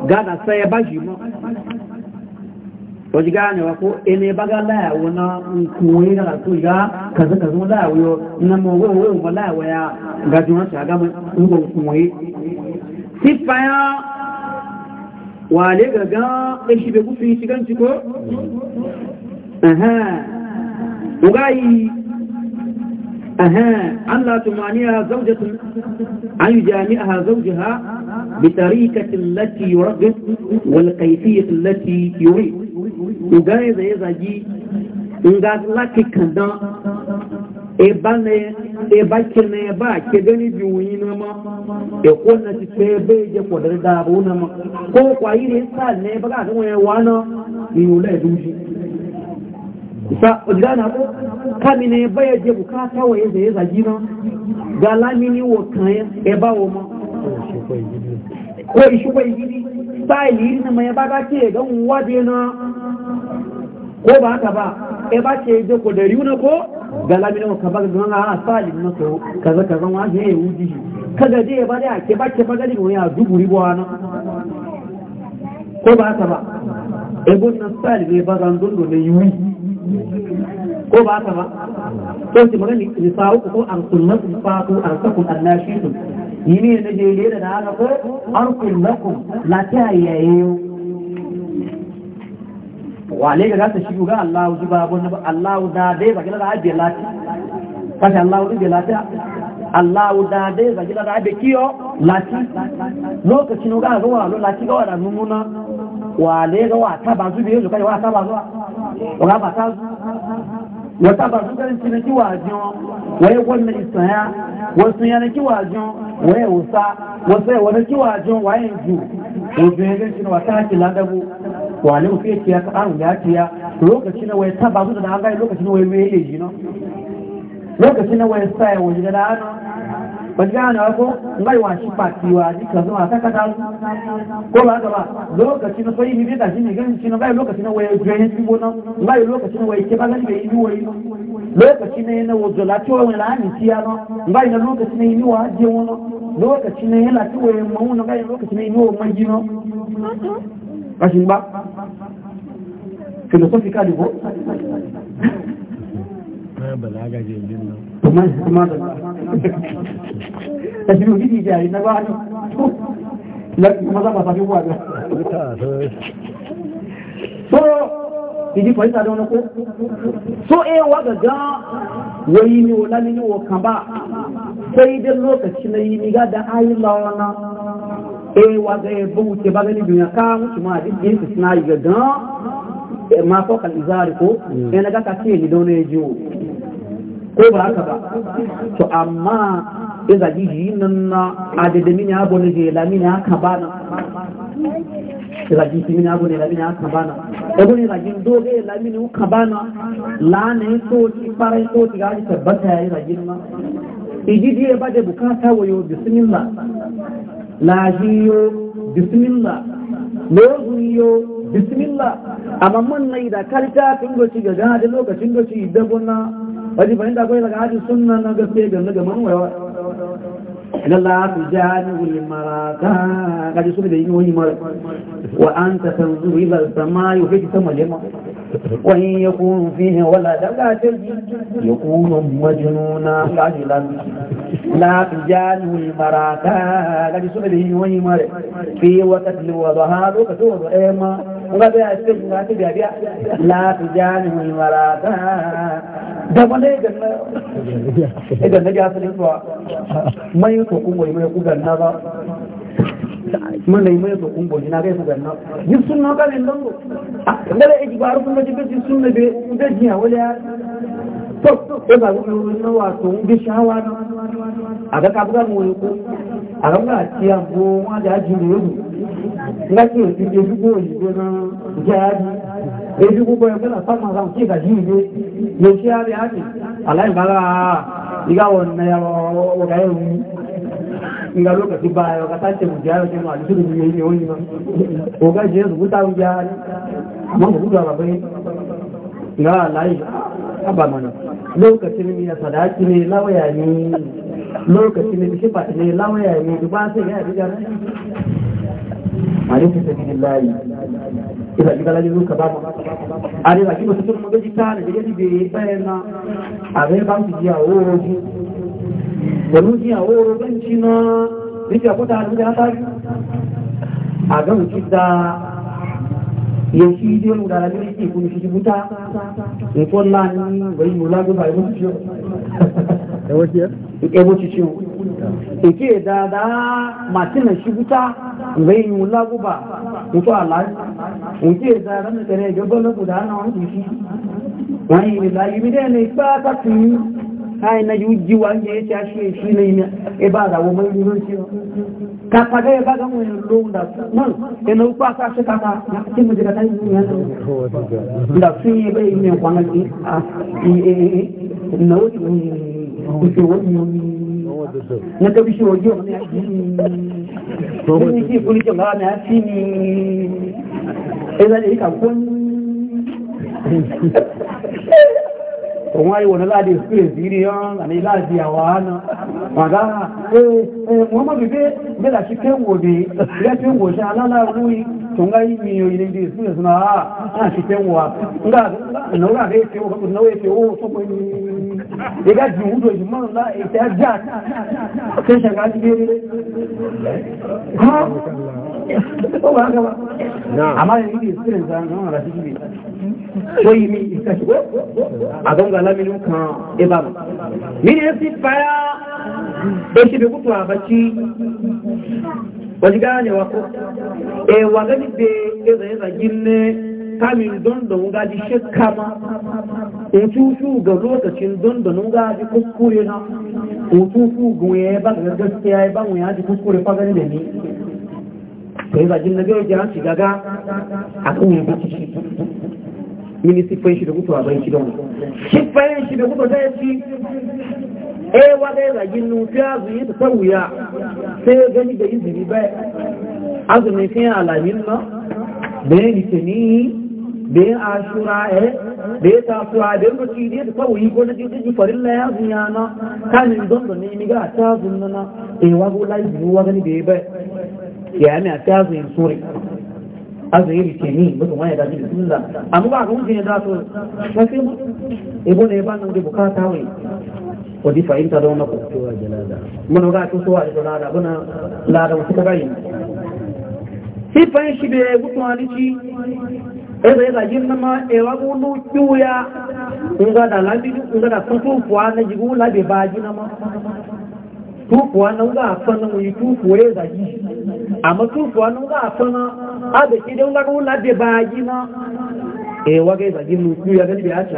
Speaker 1: gana sai ya ba shi ma wajen ganewa ko ene baga layawo na nkuwe na rasu ya kaza kaza layawo yo na mawawo ma layawo ya gajiyar shi a gama ngon Sifa ya. wale gaga kashi bai gufi shigan ciko? aha ugayi aha an latumaniya zaujatun an yi jami'a zaujiha bitarikatin lati wal kayfiyati lati yuri ugayi zai zaji? in ga lati kandan eba ne eba kene ba ke gani bi na ma e ko na ti pe be je ko da da bu na ma ko kwa iri ne sa ne ba ga don e wa na ni u le du ji sa o da na ko ka mi ne ba je bu ka ta wa ye ze za ji na ga la mi ni wo kan e ba wo ma ko isu e ko yi e sa yi na ma ya ba ga ke ga wa de na ko ba ka ba e ba ke je ko da riu ko galami na ka baga gona a sali na so kaza kaza wa je ya wuji kaga je ba da ke ba ke ba ni ya dubu ribo ana ko ba ta ba e na sali ne ba zan dundo ne yi ko ba ta ba to ti magani ni sa ku ko an sunnatu fa ku an sakum annashitun ni ne je da na ko an kullakum la ta yayayo wale ga gasa shi ga Allah ji ba bon Allah da dai ba gina da abi lati kashi Allah da lati Allah da dai ba gina da abi kiyo lati lokacin ga ga wa lati ga wa numuna wale ga wa ta ba zu bi yanzu kai wa ta ba zu wa ba ta zu wa ta ba zu ga cin ki wa jiyo waye wannan isaya wasu yana ki wa jiyo waye usa wasu yana ki wa jiyo waye ju obin ga cin wa ta ki ladabu wani fiye tiya ya kaɗa ya tiya lokaci na waye taba su da na gani lokaci na waye mele ji no lokaci na waye sa ya waje da ana waje da ana ko ngai wa shi fati wa ji ka zuwa ta su ko ba ka ba lokaci na sai hibi da shi ne gani shi na ngai lokaci na waye jeni shi bona ngai lokaci na waye ke bagani gani bai yi waye lokaci na waje la tiwa wani la ni tiya no ngai na lokaci na yi wa je wani lokaci ne la tiwa waye mauna ngai lokaci ne ni wa manjino rashin ba philosophically ko balaga je kuma da ta na ba kuma za ba so idi ko ita don ko so wa ga ga ni wala ni wa kan sai dai lokaci na yi ni ga da ayi lawana E wa ga ya bu ke ba gani duniya ka mutu ma duk yin suna yi gadan ma ko kal izari ko eh na ga ka ce ni dole ji ko ba haka ba to amma in zaji yi nan na adada mini abu ne je lamini haka ba na zaji ti mini abu ne lamini haka ba na ebe ne zaji doge lamini haka ba na lana so ti fara so ti ga yi yayi zaji na ijidi ya bade bukata wayo bismillah lahiyo bismillah lozuyo bismillah amma mun nai da kalta go ci ga da lokacin ci da gona waje bayan da akwai daga hadin sunna na gaske ga ga man waya inna la tujani wal maraka kaji da yi wani mara wa anta tanzuru ila samai wa fi sama lema وإن يكون فيه ولدا لا تجد يكون مجنونا قليلا لا تجال المراتا لا تسمى به ويمر في وقت الوضع هذا وقت إيما وقبع السجن لا تجال المراتا دبل إذا نجاس الإطلاع ما يتقوم وما يقوم النظر mana yi mai so kumbo na kai fuga na yi sunna ka ne dango ah, dala e ji baro kuma ji sunna be be ji wala to ko ga ku na wa to bi shawa na aga ka buga mu ko aga ga ti an bo wa da ji ne yo na ki ti ji ku ko ji na ja ji e ji ko ya kala fa ma ran ki ga ji ne yo ya ya ni alai bala iga won na ya wo ga yo nga lokaci baya ka sace mu jaya ke mu alisu da yayi wani ma ko ga je su ta wuya ne amma mu ga babai nga lai aba mana lokacin ya sadaki ne lawaya ne lokacin ne shi ba ne lawaya ne duba sai ya riga ne alaikum sabilillahi ila jigala jiru ka babu ari ba ki ba su mun ga jita da jigali be bayana a bai ba su jiya woro pẹ̀lú ní àwọn orogún tí náà níbi àkúta àdúgbò látàrí àgbẹ̀rù ti da yẹ sí ilé olùdára lórí sí ìkúni fi jìbútá nǹkan ńlá ní ìwẹ̀yí olágbèbà ẹwọ́ ti ṣe ẹwọ́ ti ṣe èké dáadáa màtínà ṣubútá ìwẹ̀yí olágbèbà nǹkan àlàájú òkè dáadáa mẹ́tẹ̀rẹ̀ shi. Wani yi wọ́n ti fi wọ́n yìí ne ìbídẹ́ ní ipá wange náà yóò shi ne ní ẹ̀ṣẹ́ aṣọ èṣù ní ilẹ̀ ẹbá àdàwọ̀ mọ́ ìlú lóṣì kàpàdé ẹbá gáwọn èèyàn lóhun dàtú náà ẹ̀nà ó pàṣẹ aṣọ kàkà tí mo jẹ́kàtà ìlú yẹn lọ dàtú yẹn bẹ́ẹ̀ ìlú ẹ̀kọ́ náà sí ìnáwó ìṣòwò ìyọ̀nì na gabi shi wajen wani aiki ne shi kuli jin hawa na fi ni ɗaya zai yi kakon òun ayé wọ̀nà láàdì experience yìí yán àní láàdì àwọn àánà màgá wọ́n mọ́ bíbé mẹ́lá sí kéwòdè rẹ́tí wò ṣe alálàrúwí tó ń mi experience ya ga ji wudo ji man ita ja kan shaka ji gere
Speaker 2: ha ko ba
Speaker 1: ga ba amma ne sirrin ra shi ne yi mi iska shi a don ga laminu kan ni ne si baya da shi bai kutu a bacci wani ganewa ko eh wa gani be ezai zagin ne kamin dondon gaji shakka ma ga lokacin dondon gaji kuskure na utufu ga ba ga gaskiya ya ya ji kuskure da yi zajin na gaya jiran shiga ga a kan yi shi shi da a bayan shi shi da e, ta yi ya zagin ta sauya sai gani da izini bai azumin fiye alamin ma da yin ashura eh da ya tafiya da yin baki da ya tafi yi ko na jiji farilla ya zuya na kanin don da ne miga ta zunna na eh wa go lai zuwa gani da bai ya ne ta zuyin suri azuri rike ni mutum wani da jin sunna amma ba ruwan jin da so sai mu ebo ne ba nan da bukata wai wadi fahimta da wannan kuwa jalada mun ga to so wa jalada buna ladan su ga yin sifan shi da gutunani ci ebe ya zagi nama ewa ulu kiwuya nga sun na jigu labi yi tufuwa afana a da ke dai labi na ewa ga gani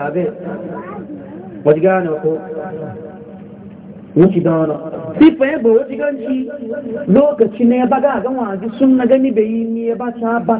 Speaker 1: abe sifa ya ba ganci lokaci ne ya baga ga sun na gani bai yi ne ya ba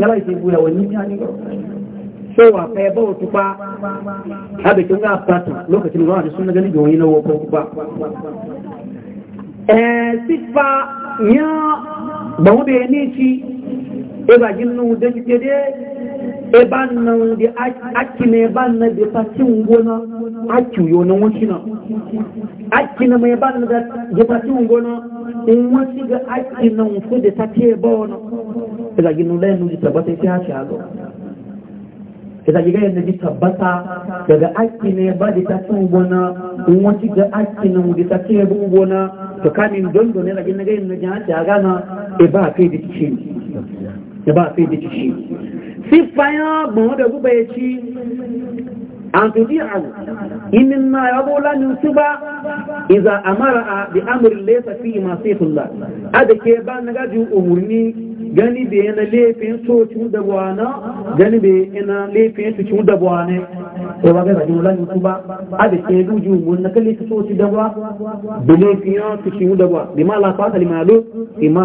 Speaker 1: yálà ìṣègùn rẹ̀ wọ̀nyí so wa fa yaba wata ba a bikin ga fata lokacin zuwa da suna gani domin na wakon ba eh sifa ya ba mu bayani shi eh, da eba nan da aki na eba nan da fatin gona aki yo na na aki na mai eba nan da fatin gona in wanci ga aki na wufu da ta ce ba wani ila e ginu lai nuji tabbata ya fi hashi hazo ila e giga yadda ji tabbata daga aki ne ba da ta gona in ga aki da ta ce ba gona to kamin na ga yadda ji a kai da ci e ba a kai da ci fífàyàn gbọ̀n bẹ̀ ci ẹ̀kí àtúndí àrùn inú náà yàbó lánìí tí bá ìzà a bi amúrí lẹ́sà fi ìmá sí ke adìkẹ́ bá nagájú gani bẹ̀ yana da gani gani ina yana laifin tó da ba gaza jin lánìí tí bá adìkẹ́ lójú òmùrní na kalli tó da ma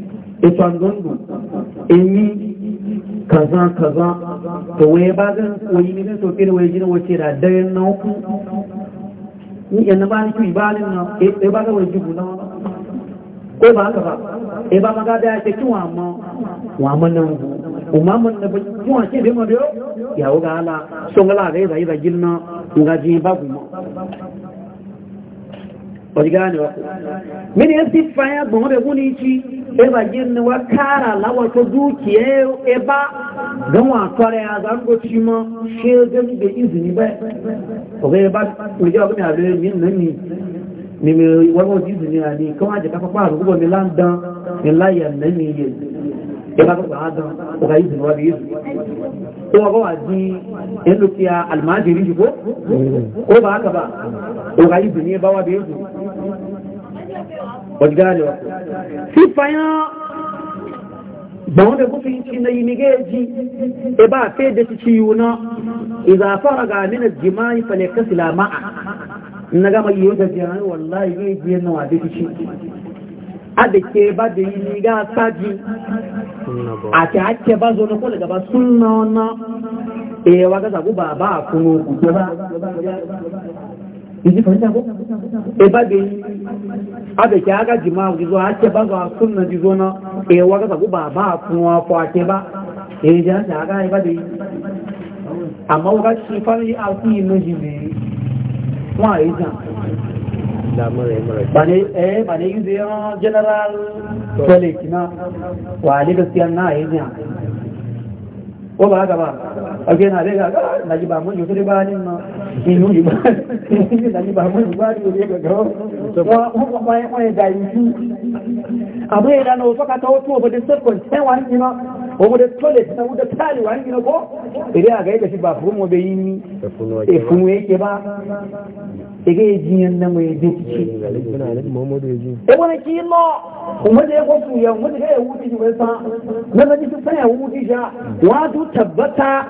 Speaker 1: ita gungun imi kaza kaza to waye ba zan koyi ne to fere waye jina wace da dare na uku ni yana ba ni ku ibalin na e ba ga waje guna ko ba haka ba e ba maga da yake kin wa amma wa amma nan umma mun na bai kin wa ce bai ma biyo ya wuga ala son gala ga zai da gilna ga ji ba ku wajigani wako mini yasi sifa ya gbọmọ bẹ gún ní ichi eba girni wa kara lawa ta dukiya eba don wa kware ya zango ci ma shi gani da izini ba oga ya ba kuri jawa gani abu yin nan ni ni mai wani wasu izini a ni kawai jika kafa a gugu mai landan ni layan nan ni yi eba ga kwadan oga izini wa da izini ko ga wazi yan lukiya almajiri shi ko ko ba haka ba oga izini ba wa da izini wajigane wako sifa ya baunde mutunci na yi migeji e ba sai da shi ciwo na idza faraga min al-jima'i falakasila ma'a na gama yi da jihar wallahi zai biya na wa duk shi a da ke ba da yi ni ga saji a ke ake ba zo na kula gaba sunna e wa ga zagu ba ba kuma ku ba e ba da yi abe ke aga jima gizo ake ba ga sunna na e wa ga ku ba ba kuma fa ake ba e ja ba amma wa ga e shi fa ni a ku yin ji ne wa da ba ne ba ne general Felix na wa ne gaskiya na e ja ko ba ga ba ọjọ́ náà lẹ́gbà lájíbà mọ́ yóò tó lé bá nínú inú ìgbà lájíbà mọ́ ìgbà ege eji yan na mu eje ci. e wani ki lo kuma da ya kwafu ya wani ga ya wuce shi wani sa na ba jisu sana ya wuce shi wato tabbata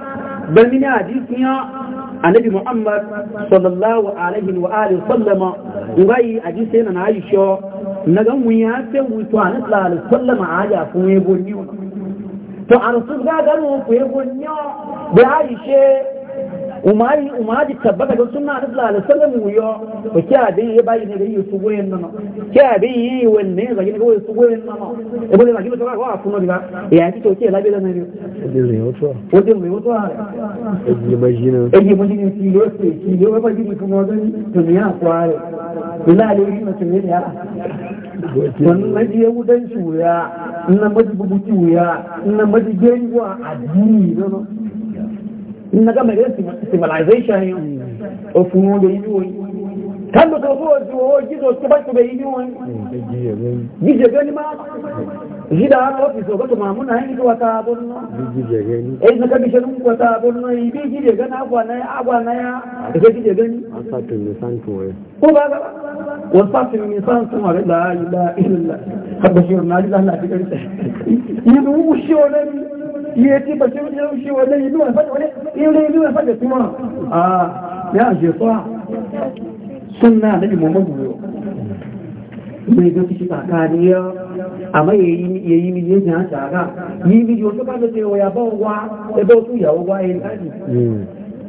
Speaker 1: da a hadisi ya annabi muhammad sallallahu alaihi wa alihi sallama ngai hadisi yana na aisha na ga mun ya se ce wuto an sallallahu sallama aja kun yebo ni to an su ga ga mu ku yebo ni da aisha umari umari tabbata ga sunna da sallallahu alaihi wasallam yo ko kya ya bayi ne da yi su goyen nan kya bin yi wanne ga gina goyen su goyen nan e bole ma to ga kuma diga e ya ki to ke labi da ne din ne wato wato ne wato ha e majina e ji majina ki lo se ki lo ba ji kuma da to ne ya kware ina le shi na tunye ya wannan maji ya wudan shi wuya ina maji bubuki wuya ina maji gengwa addini na gama yin civilization ofin wanda yi yiwuwa kan da gizo su ba su bai yi gani ma gida haka ofis o gato mamuna yin zuwa ta abun nan na kabi shirin kuwa yi bi gani agwa na ya agwa na ya ita gije gani asatun ko ba ga tuwa na iye tí bọ̀ ṣe wọlé ìlú ẹ̀fẹ́ tí wọ́n yá ṣe fọ́ súnnà lẹ́bí mọ́mọ́dù rẹ̀ ilé ìjọ ti ṣe kàkàrí ẹ́ àmọ́ èyí ni yé jẹ́ àṣà àrá ní ibi tó bá lọ́tẹ̀ ọ̀yàbọ̀ wá ẹgbẹ́ òtún ìyàwó wá ẹ̀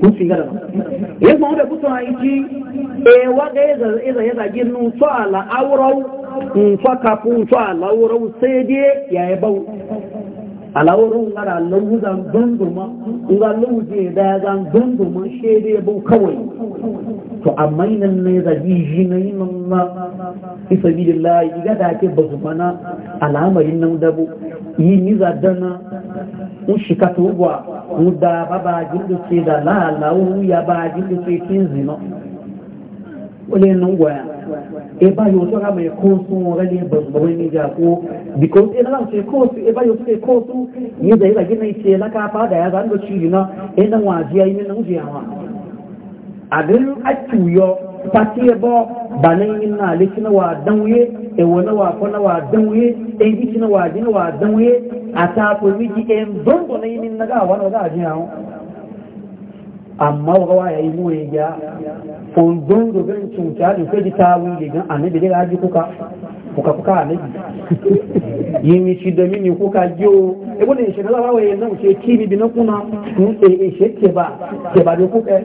Speaker 1: kun tsingara ya kuma da kusa aiki ewa eh, ga ya zage nun su ala aurau nfa kafu su ala sai dai ya yi bau alaworo ngara lawu zan ganduma nga lawu je da zan ganduma shede bau kawai to amma nan ne da jiji ne nan ma isa billahi ga da ake ke bazumana alamarin nan dabu yi ni zadana ushika tugwa uda baba jindu chida la uya ba jindu chikinzi no wale nungwa ya eba yoto kama ekosu wale bazbawe ni jako because ina lang ekosu eba yoto ekosu yeza ila gina ichi la ka da ya zango chiri na ina wajia ina nungwa ya wa adil atuyo fatiye bo banan yin na liki na wa danwe e wona wa ko na wa danwe e giti na wa jin wa danwe ata ko miki en don don yin na ga na ga jin amma wa ya yi mu ye ya fon don do gan cin ta da ke ta wu de gan annabi da ga ji kuka kuka kuka annabi yin mi shi da mini kuka jo e wona shi na wa wa yin na mu ce kini bi na kuna mu e e she ke ba ke ba do kuka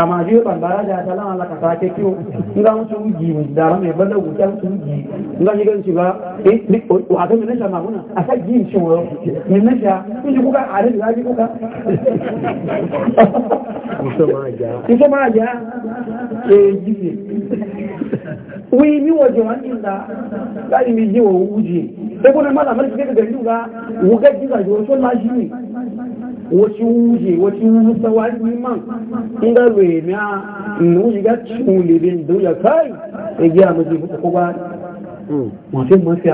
Speaker 1: amma biyu bambara da ta lama laka ta ke kiwo in ga mutu wuji ne da ran mai bada wuta mutu wuji in ga shiga shi ba eh a ga min sha maguna a sa ji shi wa min sha kun ji kuka are da ji kuka ita ma ja ita ma ja eh ji wi ni waje wannan da ga ni ji wa wuji sai kuma malamin da kake garin ga wuga ji ga wasu lashi ne wasu wuje wasu wuje sawari man inda remi a nuji ga culirin doya kai igi a maji fuka kuma mafi mafi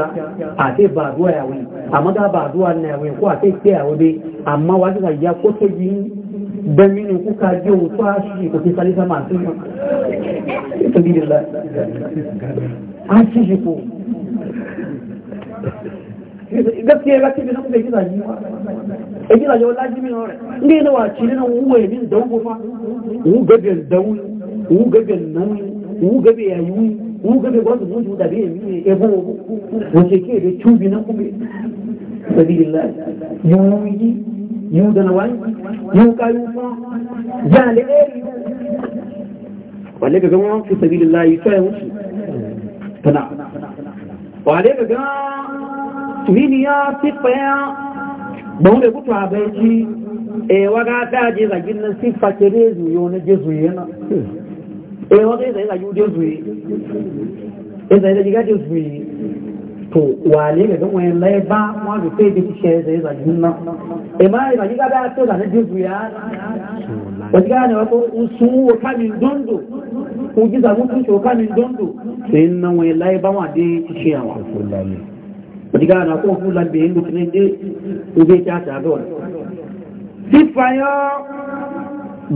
Speaker 1: a te ba zuwa yawon amma da ba zuwa na yawon ko a te ke yawon dai amma wasu ga ya ko to yi don mini kuka ji o to a shi ko ke sali sama sun yi ta bi da la a ci shi ko gaskiya ga cikin nan da gidaje e gidaje wallahi min hore ngai da wace ne na uwe min da fa u gabe da u gabe nan u gabe ya yi gabe gwanzu mu da bi ne e wace ke da tubi nan kuma sabilillah yuyi yu da nawai yu kayu
Speaker 2: fa ya le e.
Speaker 1: wale ga gama fi sabilillah yi sai wuce tana wale ga gama miliya sifaya ba wunde kutu a bai ji ewa ga daji zagin nan siffa kere zuyo na je zuye na ewa ga zai zagi je zuye in zai zagi gaje zuye to wale ga ga wayan lai ba wa ga sai da kishe zai zagi na e ma ya zagi ga to da je zuya wani gane wa ko usu wa kamin dondo ko giza mutu shi dondo sai nan wani lai ba wa da kishe wa diga na ko fu lambe hindu tinende ube ta ta don sifa yo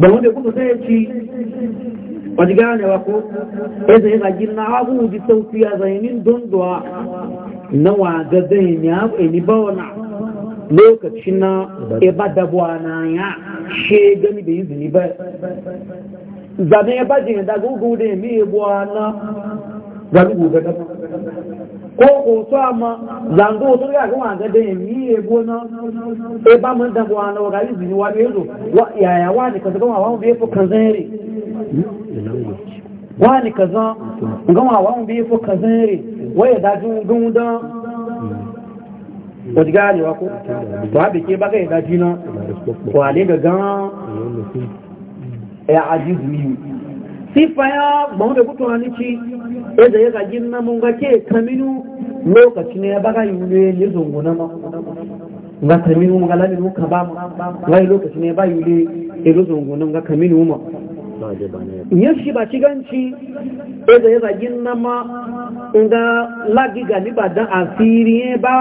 Speaker 1: ba wonde ko sai ci diga ne wa ko ese ina jinna abu di tawfiya zainin don doa na wa ga zai ya e ni ba wana lokacin na e bwana ya she gani da izini ba zane ko kuntu ma zango to ga kuma ga da mi e bona e ba mun da bwa na ga izini wa ne zo wa ya ya ne wa be fo kazere wa ne kaza kuma wa mu be fo kazere wa ya da jun gun da wata gane wa ko to abi ke baka ya da jina wa ne ga gan ya e ajizu yi sifa ya mahuda kutu halici yadda ya gajin na mun ga ke kaminu lokaci ne ya baga yule ya na ma ga kaminu mun ga lamin muka ba mu ga lokaci ne ba yule ya e na ga kaminu ma ya shi ba ci ganci yadda ya gajin na ma ga lagi ga ni ba dan asiri ba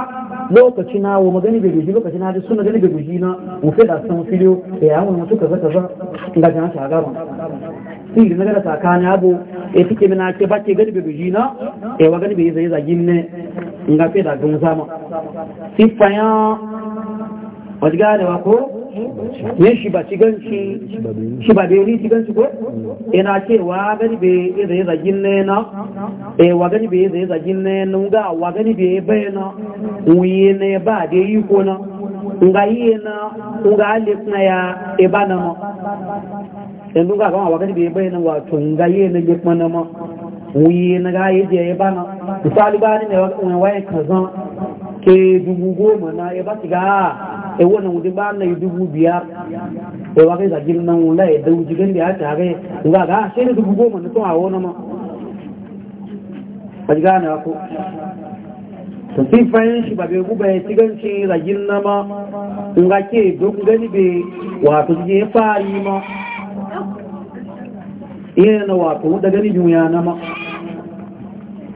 Speaker 1: lokaci na wa magani bai guji lokaci na suna gani bai guji na mu fi da san filiyo da e yawon mutu kaza kaza ga jana shagaron siri na gada tsakani abu ya e tike mina ke ba ke gani bebe jina ya e wa gani bai zai zagi ne in ga fi da gan sama sifayan wajen ganewa ko yin shi ba shiganci shi ba bai ni shiganci ko ina e ce wa gani bai zai zagi ne na e wa gani bai zai zagi ne na ga wa gani bai bai na wuye ne ba da yi ko na nga yi na nga alif na ya eba na ma yanzu ga kama wakati bai bai na wato ngaye na je na ma wuyi na ga yi je ba misali ba ni ne waye kazan ke dubu goma na ya ba shiga e wannan wuce ba na dubu biyar e wa kai zagin nan ya da wuce gani ya tare ga ga sai da dubu goma na tun a wani ma a shiga na ko sun fayin shi ba bai guba ya zagin in ga ke gani bai wato fari ma yana wato daga ni juya na ma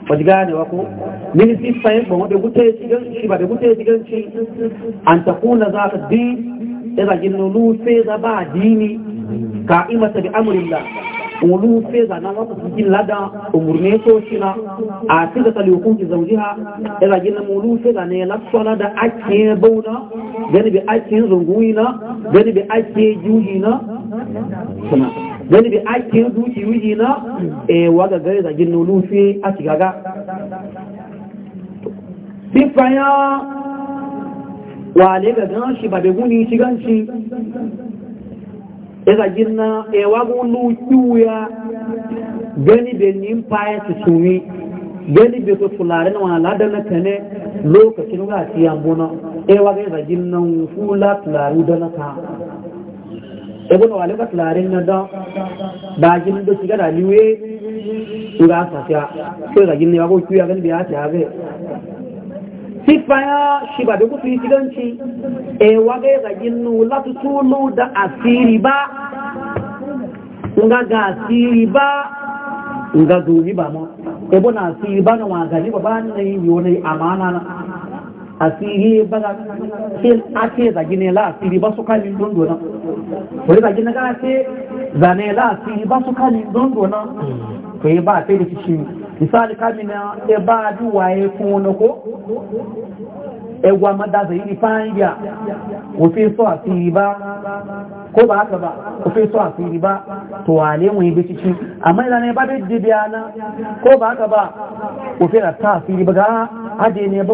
Speaker 1: wajen gane wako minisi sayin ba wadda guta ya ciganci ba da guta ya ciganci an ta kuna za ka di ya zagi nulu sai za ba dini ka imata bi amurilla ulu sai za nan wata cikin lada umurne so shi na a cika tsali hukunci zaujiha ya zagi na mulu sai za ne lakwala da ake bauna gani bi ake zungu na gani bi ake juji na suna wani bi ake duki wiji na e ga gari zagin nulufi a shigaga sifaya wale ga gan shi babe guni shiganci ya e zagin na e waga nulufi ya gani da nin faya su suwi gani bai su fulare na wani ladar na kane lokacin ga siyan gona e waga e zagin nan fula tularu da na ta ibn walibat larin na da bajin da shiga da liwe ga safiya sai ga ba ko kiya gan biya ta ga sifaya shi ba e da ku fi gidanci e waga ga ginnu la tutulu da asiri ba nga ga asiri ba nga dubi ba mo ebo na asiri ba na waga ni ba ba ni yone amana na asiri ba za ake zagi ne la asiri ba su kalin na wani la asiri ba su kalin dondo na ko yi ba sai da kishi misali kami na e ba duwa wa kun na ko ẹwà e mọ́dáza yìí fà ń yà òfin sọ àti so kó bá ákàbà òfin sọ àti ìrìbá tó wà léwọ̀n ibi títí àmọ́ ìlànà ẹbá bẹ́ jẹ́ bí aná kó bá ákàbà òfin àtà àti ìrìbá gáà á dé ní ẹbá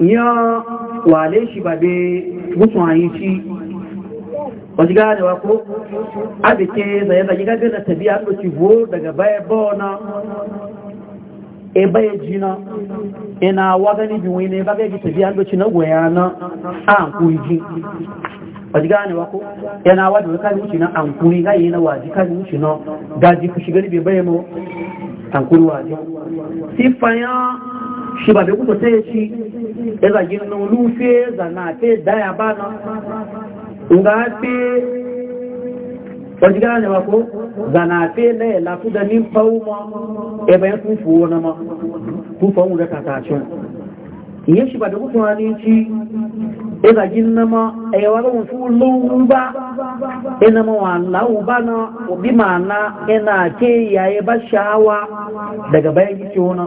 Speaker 1: yan wale shi ba be mutum ayi shi wasu gane wa ko abike zai zai gaga da tabiya ɗo ci bo daga baya bawana e baya jina ina waga ni bi wani ba gaji tabiya ɗo ci na goya na an kuri ji wasu gane wa ko yana wada wani kari wuce na an kuri ga yi na waji kari wuce na gaji ku shiga ni bai mu an kuri waji sifayen shi ba bai kusa ta yi shi ẹzà yìí nà zànà àti dáyàbá náà ǹgá pé wọ́n gane ba ko zanafe na ya lafi da nin fauma e bayan kufu ba kufu wani ci na ma e yawa ga wasu lowu ba e na wa lawu ba obi ma yaye sha'awa daga bayan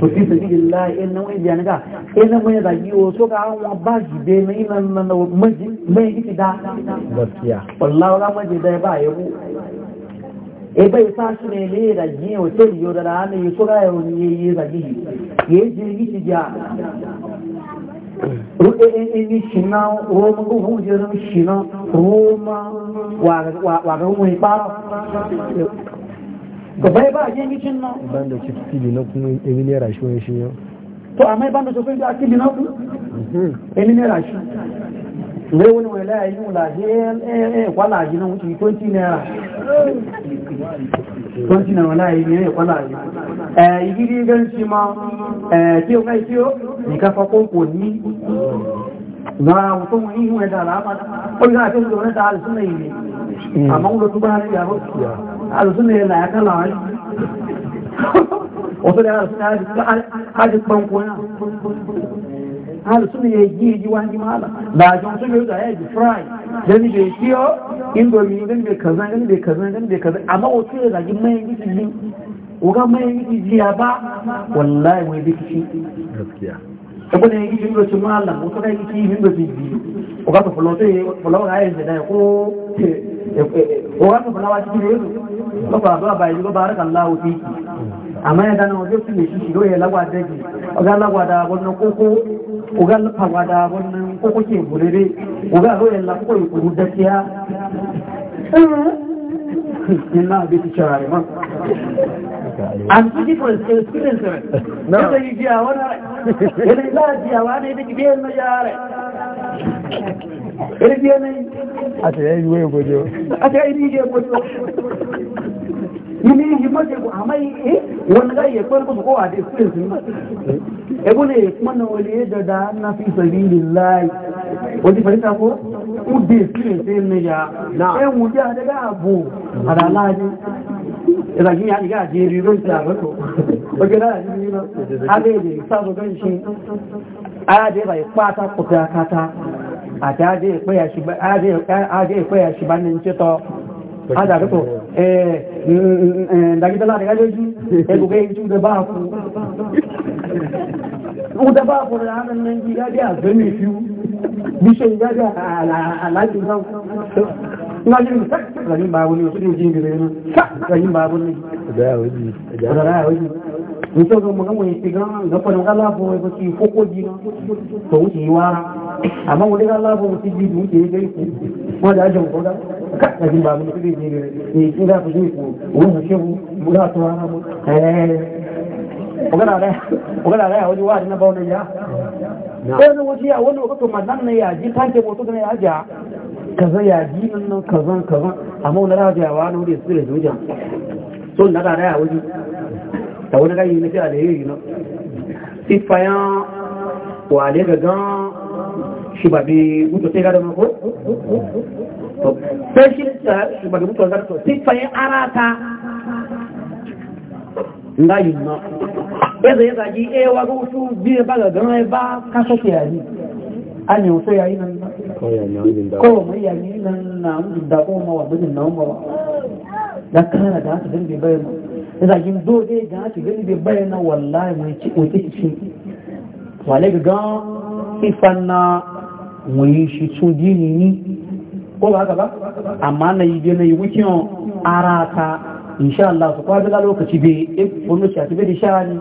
Speaker 1: tó fi sèbílì lá ẹnà wọn ìdí àníkà ẹnà wọn yàtà yìí o tó ká wọn bá jìdé mẹ́yìn ti dá ọ̀làwọ́lá mọ́jì dá ẹ bá yẹ̀wò ebe yi sashi ne ne da ji hotel yi, da yi tura yau ne yi da ji yi jirgi shi ruɗe ɗin shi na roman gufin jirin shi na roma wa ga wani ɓara gaba ya ba a gemi cin na. ban da ci tibi na kuma emi ne rashi wani shi yau to amma ban da sofai da tibi na ku mhm. emi ne rashi ne wani wani laye yi wula je eh, eh, eh kwala ji na, wuce 20 naira 20 naira laye ne ya kwala ji eh igiri gan shi ma eh kiyo kai kiyo ni kafa koko ni na mutum wani yi wani da alama ko yi za a fi wani da alisun yi ne mm. amma wani tuba ne ya hau alùsùn lè là ẹ̀kọ́ làwọn ọ̀tọ́ lè alùsùn láti pọ̀nkọ́ náà alùsùn lè yí èyí wá ní máa làjọ tó lè fry gani bai kiyo indomi gani bai kaza gani bai kaza gani bai kaza amma wato ya zagi mayan gizi ne wuga mayan gizi jiya ba wallahi mai rikici gaskiya saboda ya gizi indoci yi wato ga gizi indoci biyu wuga ta fulawar ya yi fulawar ya yi ko wata fulawa cikin yanzu ba ba ba ba yi ba baraka Allah fi amma ya dana wajen su ne shi shigo ya lagwa da ji ga lagwa da wannan koko ko ga lagwa da wannan koko ke burere ko ga royal la ko ku da kiya inna bi tishari man an ci different experience ne da yi jiya wani yana za a jiya wani da gibe na yare Eri eh? na yi a ta yi
Speaker 2: ruwa ya gwajo a
Speaker 1: ta yi ruwa ya gwajo àmá yìí wọn ká yẹ pẹ́lú kòsòkò wà dé fún lè pọ́nà olè dada náà fi sọ̀rí ilé láì o ti fẹ̀rí sàkó ó dé sílẹ̀ sí ẹnìyà jẹ́ adẹ́gá àbò àdá láàájú ìlàjí yà ní àjẹ́ rí ló ń àti ajé ìpẹ́yà ṣìbá ní ṣétọ́ adàdúkò ẹ̀ẹ̀dàgídọ́lá àti ẹgbùgbé ìjú dẹbá fún ó dẹbá rẹ̀ ánà nàíjíríà bí ina jin sak garin ba wani wasu jin gare wani da waje waje shiga ga wai ba koko to wuce yi wara amma wani ga lafo mu da ne in ku wani mu mu ogana wani na ya ko ne wani madan ya tanke kaza ya ji nan kazan kazan amma wani rawa ya wani wuri su da jojan so na da raya waje da wani rayu na fiya da yi na ifayan wale ga gan shi ba bi mutu sai gada mako sai shi eh, shi ba bi mutu zarto ifayan arata yi na eza zai ji ewa eh, gusu biyu ba ga gan eh, ba kaso fiya ji ani wuso yayi nan ko mai yayi nan na mun da ko ma wadin nan ba da kana da ta dinga bayan ma da kin do dai ga ta dinga bayan na wallahi mun ci wuce ci wale ga na, mun shi tun dini ni ko ba ka ba amma na yi je na yi wuce arata insha Allah su kwabi ga lokaci be in wani shafi tafi da shani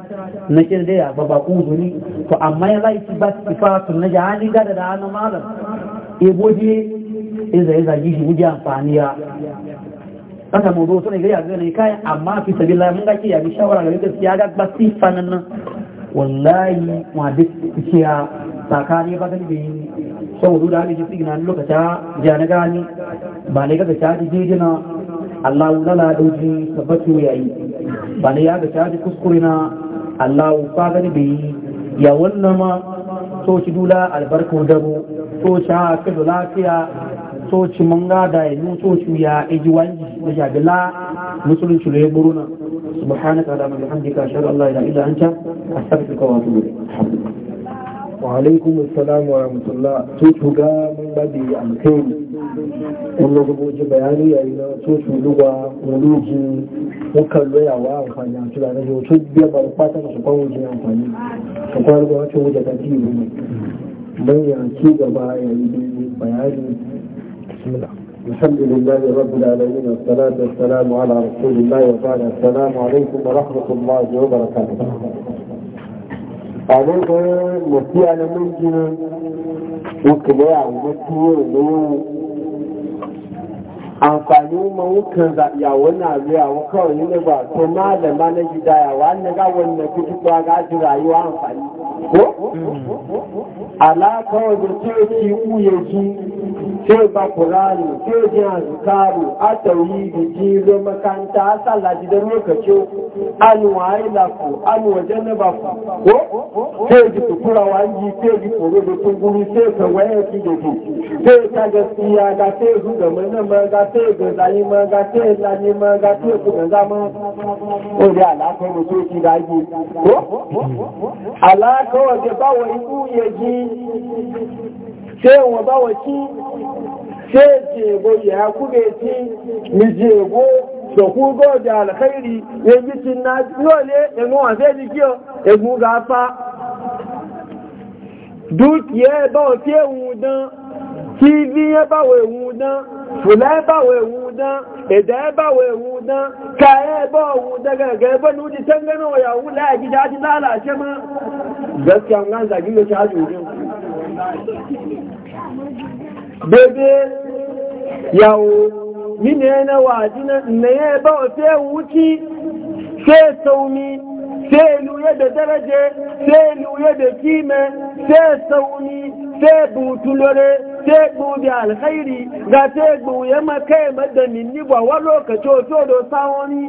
Speaker 1: na kin da ya baba kudu ni to amma ya laifi ba ci fa tun na jani gada da na malam e boje iza e iza yi shi wuce amfani ya kasa mu zo suna gari a gani kai amma fi sabila mun ga ki ya bi shawara ga gaskiya ga ba si fanan nan wallahi ma duk kiya tsakani ba gani yi saboda da hali ji sigina lokacin ja na gani ba ne ga ta ji jina Allah lala ɗauki tabbatu ya yi ba ne ya ga caji kuskure na Allah fa gani bai ya wannan ma so ci dula albarkar dabo so ci ha ka da lafiya so ci manga da ya nu so ci ya iji wani da shabi la musulunci da ya na subhanaka da mai hamdika shaɗu Allah ya da ila anta a sarfi kawo su وعليكم السلام ورحمة الله توتوغا من بدي أمكين والله بوجه بياني أين توتوغا ولوجي وكالو يا وانفاني أنتو نجي يوتوب بيا بارقباتا نسوكا وجي أنفاني فقال بها توجه تاتيه من يأتي جبا يأيدي بياني بسم الله الحمد لله رب العالمين والصلاة والسلام على رسول الله وعلى السلام عليكم ورحمة الله وبركاته abin ka mafiya na mulki wuka da ya wuce tuwo da yau amfani ma wukan ya wani abu ya ne ba to ma da ma na gida ya wani ga wani na kuɗi ba ga ji rayuwa amfani ko alaka da teki uyeji sai ba kurani sai jin azukaru a da jiro makanta a sallaji da lokaci an waye lafu an waje na ku ko sai ji tukura wani sai ji koro da tunguru sai ka waye ki da ji sai ta gaskiya ga sai su ga mana ma ga sai ga zai ma ga sai zani ma ga sai ku ga zama ko da alaka da teki da ji ko alaka kawai ke ba iku ya ji sai wa ba wa ki sai jego ya kube ti mi jego da ku go da alkhairi ya ji cin na dole ya mu wa sai jiki ya mu ga fa dúkìá bá wọn tí èwù dán tv yẹn bá wọn èwù dán fùlẹ́ bá wọn èwù dán E idan ya ba wa yahudan kaya ya ba wa yahudan ga ya ba nuji can gano wa yahu la ya ji daji lalace ma gaskiya ngan zagi ya ci haji yawo e mine sai wuci sai sauni sai luye da daraje sai luye da kime sai sauni sai butulore tegbu di alkhairi ga tegbu ya makai madamin ni ba wa lokaci oto do sawoni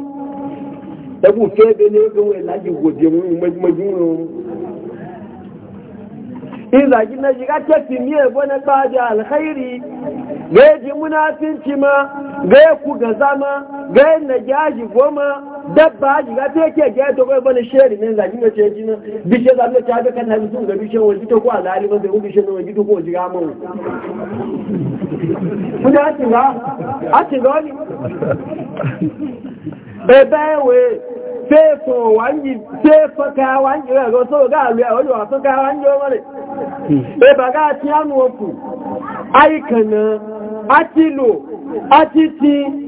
Speaker 1: da ku febe ne ga wai laji gobe mu majuno in zagi na shiga tafi miye bane ba di alkhairi ga yaji munafinci ma ga ku ga zama gayan na jaji goma dabba ji ga ta ke ga to kai bane sheri ne zaki ne ce jina bishe za mu ta kan hadu sun bishe wani to ko alali ba zai bishe ne wani to ko ji mun mun da ci ga a ci ga ni bebe we sefo wanyi sefo ka so ga lu ya wani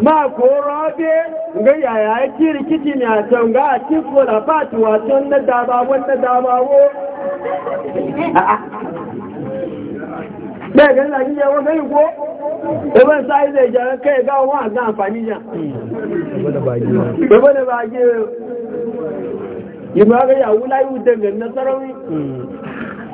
Speaker 1: ma koro abe ga yaya yake rikici ne a can ga a cikin wadda fati wasan na daba wadda dabawo ɗaya ganin lagin yawon gani ko ɗaban sa'ayi zai jaran kai ga wa a ga amfani jan ɗaban da bagi yi ma ga yawu layu dangane na sarari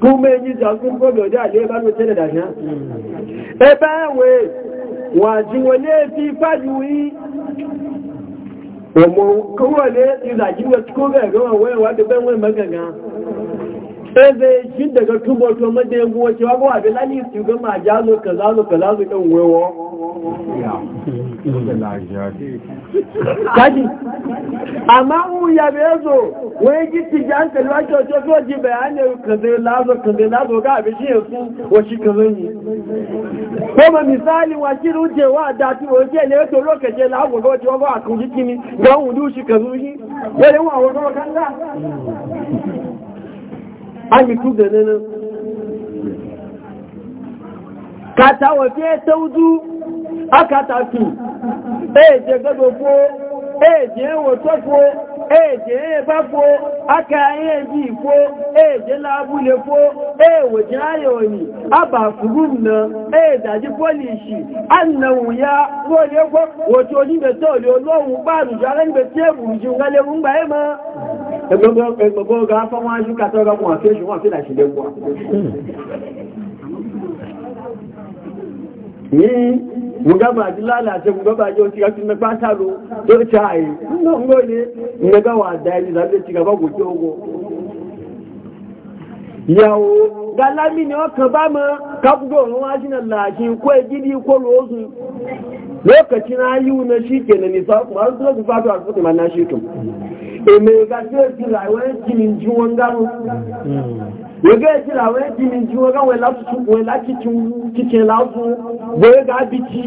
Speaker 1: kuma yi zafin gobe da ale ba lo tele da sha e ba we wa fi faju yi omo ko wole ti la ji we ko ga ga wa we ebe shi daga tubo to mada guwa cewa ba wabe lani su ga ma ja zo ka za ka za ɗan wewo kaji amma un ya be zo wai ji ti ji hankali wace wace so bayanin ka zai lazo ka zai lazo ga abin shi yanzu washi ka zai yi ko misali wa shi da ti o je le to lokaci la go go ti o ba ga shi ka wa hali tu da nan ka ta wafe saudu aka ta fi e je gado ko e je e wato ko e je e ba ko aka yi e ji ko e je labule ko e waje ayoni aba furun na e daji polishi annan ya role ko wato ni be to le olohun ba ru jaran be tebu ju ngale mun ba e ma gbogbo ọgá fọ́nwá ṣú kàtọ́ ọgá wọn fíṣù wọn fílà ṣe lẹ́gbọ́ ní mugaba àti lálàáṣẹ́ mugaba àjọ ti kàtí mẹ́pá sàrò
Speaker 2: tó ṣáàyè
Speaker 1: ńgbọ́ ní mẹ́gbà wà ti kàbá kò tí ogun yàwó galami ni ọkàn bá mọ́ kápúgbò òun wá sínà làáṣí kó ẹgídí kó lóòsùn lókàtí náà yíwu na ṣíkẹ̀ nà nìsọ́ èmèrè gàtí èjì làwọn èjì ní jí wọn gáwọn wẹ́gẹ́ èjì làwọn èjì ni jí wọn gáwọn ẹ̀lá kìtìn láàfún wẹ́gẹ́ gàbí tí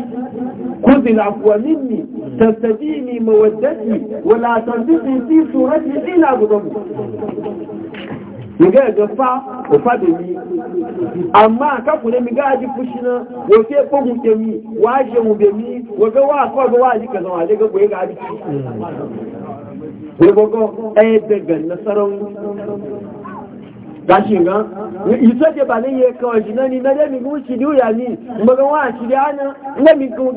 Speaker 1: kó sì làkùwà nínú tẹ̀sẹ̀dí ní mọ̀wẹ̀dẹ́sì wọ́n látàndí sí sí ṣùgbọ́n sí amma ka kule miga aji fushina wo mu mu wa gbogbogbo eh, daga nasarar gashin gan iso je ba ni kan jina ni mede mi mu si di uya ni mbogo wa si di ana nle mi kun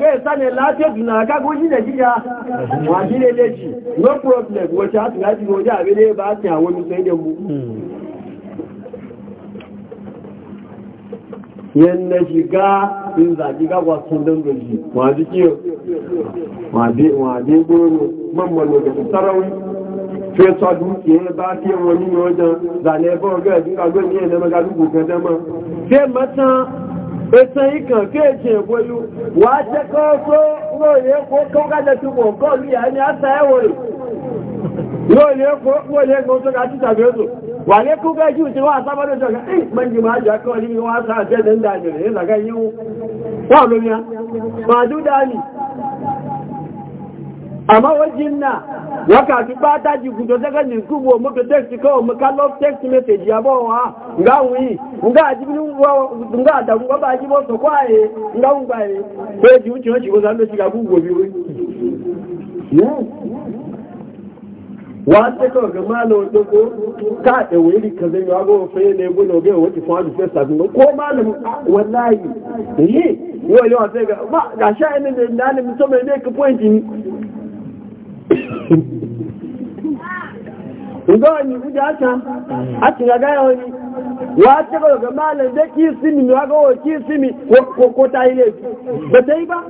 Speaker 1: yan na shiga in zaki ga wasan dangaji ma ji kiyo ma bi ma bi goro man malo da sarawi fesa ba wani wajen zane ba ga ji ga gani ne ma ga dubu ka dama sai mata ẹ̀sẹ̀ ikàn kéèkì ìgbóyú wà á jẹ́ kọ́ tó lóòrè kó kọ́gájẹ́ tí wọ́n kọ́ lú ìyá ní àṣà ẹ̀wọ̀ rẹ̀ lóòrè kó lóòrè kó tó ga wàlé ga gájú tí wọ́n àtàbádọ́ jọ̀gá mẹ́jì máa jọ akọ́ ní wọ́n sáà jẹ́ dẹ́ndà nìrẹ̀ ìlàgá yíwú
Speaker 2: wọ́n lómi ya dúdá nì
Speaker 1: àmọ́ ji jí náà ya kàtí bá dájì kùjọ sẹ́kẹ́ndì kúgbò mọ́tò tẹ́kì kọ́ mọ́ ká lọ́pù tẹ́kì a àbọ̀ wọn ǹgá wùí ǹgá àdàkùn bọ́bá ajíbọ́ sọ̀kọ́ àyè ǹgá ń gbà yìí pé jù wa kawai ga malamin ka zai yawa gawa fayi ne gudu oge wa wata fawon ko malamin wallahi ne yau ga ba ga sha ina da ni ga wani guda da ki simi ya gawa ki simi ko ta yi laifi ba ta yi ba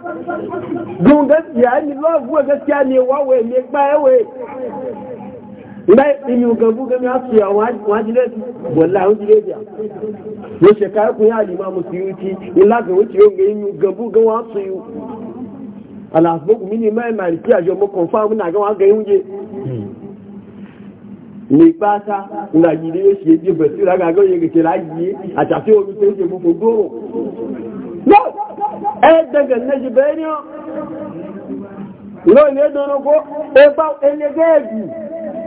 Speaker 1: gun gaskiya ne zuwa gaskiya ne wawaye láì inú gabu mi asu ya wọ́n jílẹ̀ wọ́lá ó jílẹ̀ jà wọ́n ṣe káyọ̀ kún yá àlìmá mu sí ti ìlàgà ó ti rẹ̀ inú gabu gan wọ́n asu yìí aláàfókù mi ni mẹ́rin màrí kí àjọ mọ́ kọ̀ǹfà mú nàgán wọn gẹ̀yìn oúnjẹ ní pátá ńlá yìí lè ṣe é bẹ̀rẹ̀ sí ìlàgà àgọ́ yẹn kèké láyé àtàtì omi tó ń ṣe fún gbogbo ẹ̀ẹ́dẹ̀gẹ̀ náà ṣe bẹ́ẹ̀ ni ọ́ lónìí ẹ̀dọ́nukú ẹgbẹ́ ẹlẹgẹ́ẹ̀dù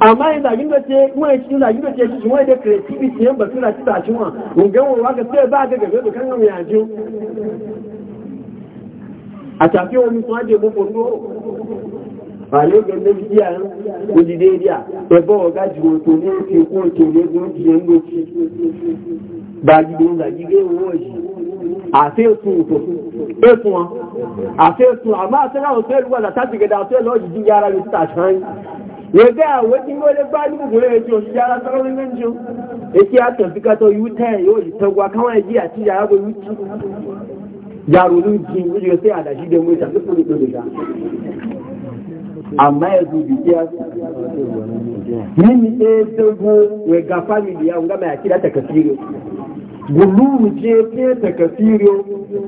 Speaker 1: amma yanzu abin da ce kuma ya cikin zagin da ce shi kuma da creativity yan basira ci tashi wa gungan wa ga sai ba ga gabe dukan nan ya ji a tafi wani sun aje mu fondo ba ne ga ne biya yan kudi dai dia e ba wa gaji wo to ne ke ko to ne go ji yan do ci ba ji don zagi ga wo ji a sai su to e kuma a sai su amma sai ga hotel wala ta diga da hotel lo ji yara ni ta shan yẹgbẹ́ àwọn tí wọ́n lè bá nígbùgbùn rẹ̀ tí òṣìṣẹ́ ara sọ́rọ́ ní mẹ́jọ èkí àtọ̀ sí kátó yú tẹ́ yóò yí tẹ́gbà káwọn ẹ̀jì àti yàrá bó yú tí yàrá olú jí ó yẹ sí àdàṣí dẹ̀mú ìtàkì fún ìtò lè dá àmá ẹ̀dùn ìdíjí àti wẹ̀gà fámìlì àwọn àti gulu ce ce ta kasiro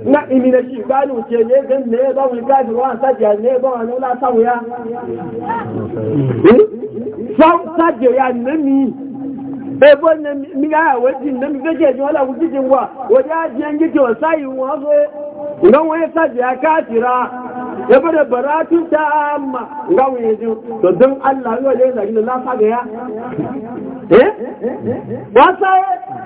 Speaker 1: na imina na shi gani ce ne zan ne ba mu gaji wa sajiya ne ba wani la samu eh? ya sam sajiya ya e eh, bo ne mi ga waji ne mi gaje ji wala wuji jin wa waje an gije wa sai wa zo ngan wani sajiya kafira ya bada baratu ta amma wu wani ji to dan Allah ne ne la, na ga ya eh, eh? wasa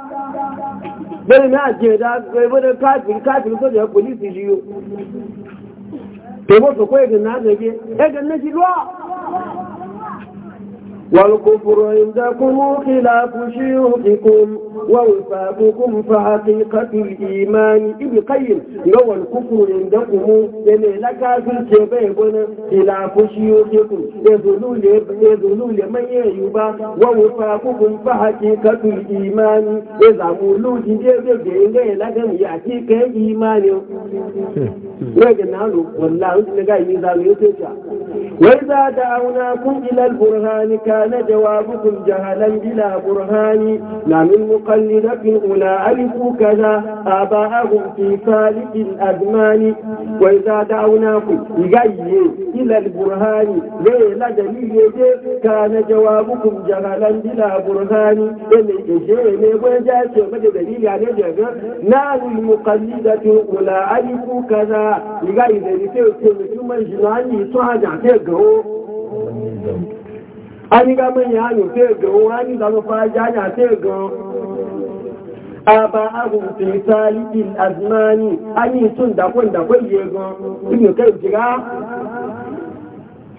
Speaker 1: bẹ́ẹ̀ ni àjẹ́dá ẹgbẹ́dẹ́ káàkiri káàkiri tó jẹ́ pòlísì yíó tèbó sọ pé èdè náà gẹ́gẹ́ ẹgbẹ́ méjì lọ́ọ̀ والكفر عندكم خلاف شيوخكم ووفاقكم فحقيقة الإيمان ابن قيم لو الكفر عندكم يعني لك في الكباب خلاف شيوخكم يذلوا لمن يعيبا ووفاقكم فحقيقة الإيمان إذا مولوا جديد بإنه لكم يعطيك إيمان لكن نحن والله نقايم إذا وإذا دعوناكم إلى البرهان كان كان جوابكم جهلا بلا برهان لا من مقلدة أولى ألف كذا آباءهم في ثالث الأزمان وإذا دعوناكم إلي إلى البرهان ليلة دليل كان جوابكم جهلا بلا برهان إلي وجاء شمد دليل يعني جهة نال المقلدة أولى ألف كذا إلي ذلك يتمثل من جناني صعد عتقه Thank you. anígbà mẹ́yìn ayò tí ègàn wọn á ní ìlànà farajá tí ègàn àbá agbègbè sáàlì ìlàzìmáàní a ní ìtún ìdàkọ́ ìdàkọ́ ìyẹ̀gan ìgbìnkẹ́ ìjìrá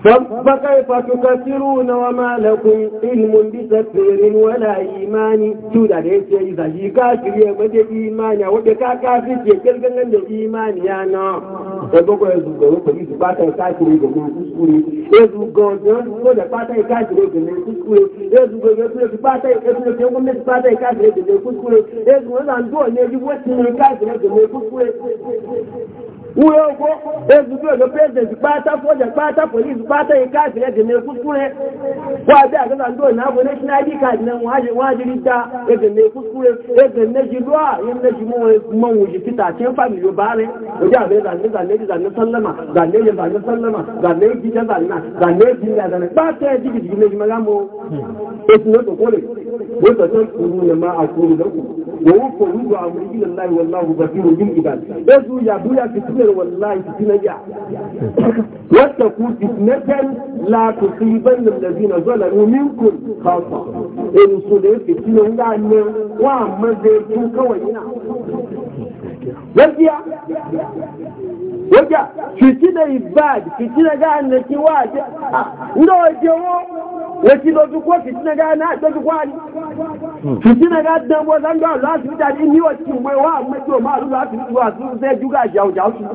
Speaker 1: فكيف تكفرون وما لكم علم بتكفير ولا إيمان تودا ليس إذا جي كافر يمد إيمان وبكا كافر يكلغن لن إيمان يا نا Ẹgbogbo ẹzùgbọ̀n ló pẹ̀lú ìsìpátá ìkáàkiri ìgbòmí ìkúskúrí. Ẹzùgbọ̀n jọ ló dẹ̀ pátá ìkáàkiri ìgbòmí ìkúskúrí. Ẹzùgbọ̀n jọ ló pátá ìkáàkiri ìgbòmí ìkúskúrí. Ẹzùgbọ̀n jọ ló pátá ìkáàkiri ìgbòmí ìkúskúrí. wúyọ gbó ezudu èlò pẹ́sẹ̀ntì pátá fọ́jà pátá pòlísì pátá yìí káàkiri ẹ̀jẹ̀ ní rẹ̀ wọ́n àti àgbẹ̀ta ń national id card náà wọ́n á ṣe wọ́n rẹ̀ ẹ̀jẹ̀ méjì lọ́à yẹn méjì mọ́ wọn fitinar wallahi fitinar ya wata ku fitnatan la na allazina in eh, su da fitinar da ne wa mazaitu kawai ina gaskiya gaskiya ibad ga annaki wa ah, wọ́n ti lójú kó fìtínà gáà náà tọ́jú kó àrí fìtínà gáà dánwọ́ sáńgbà lọ́sìtà ní ní ọ̀tí ìwé wà mẹ́jọ máa lúlọ àtìlú àtúrú fẹ́ jùgà jàújà ọ̀tún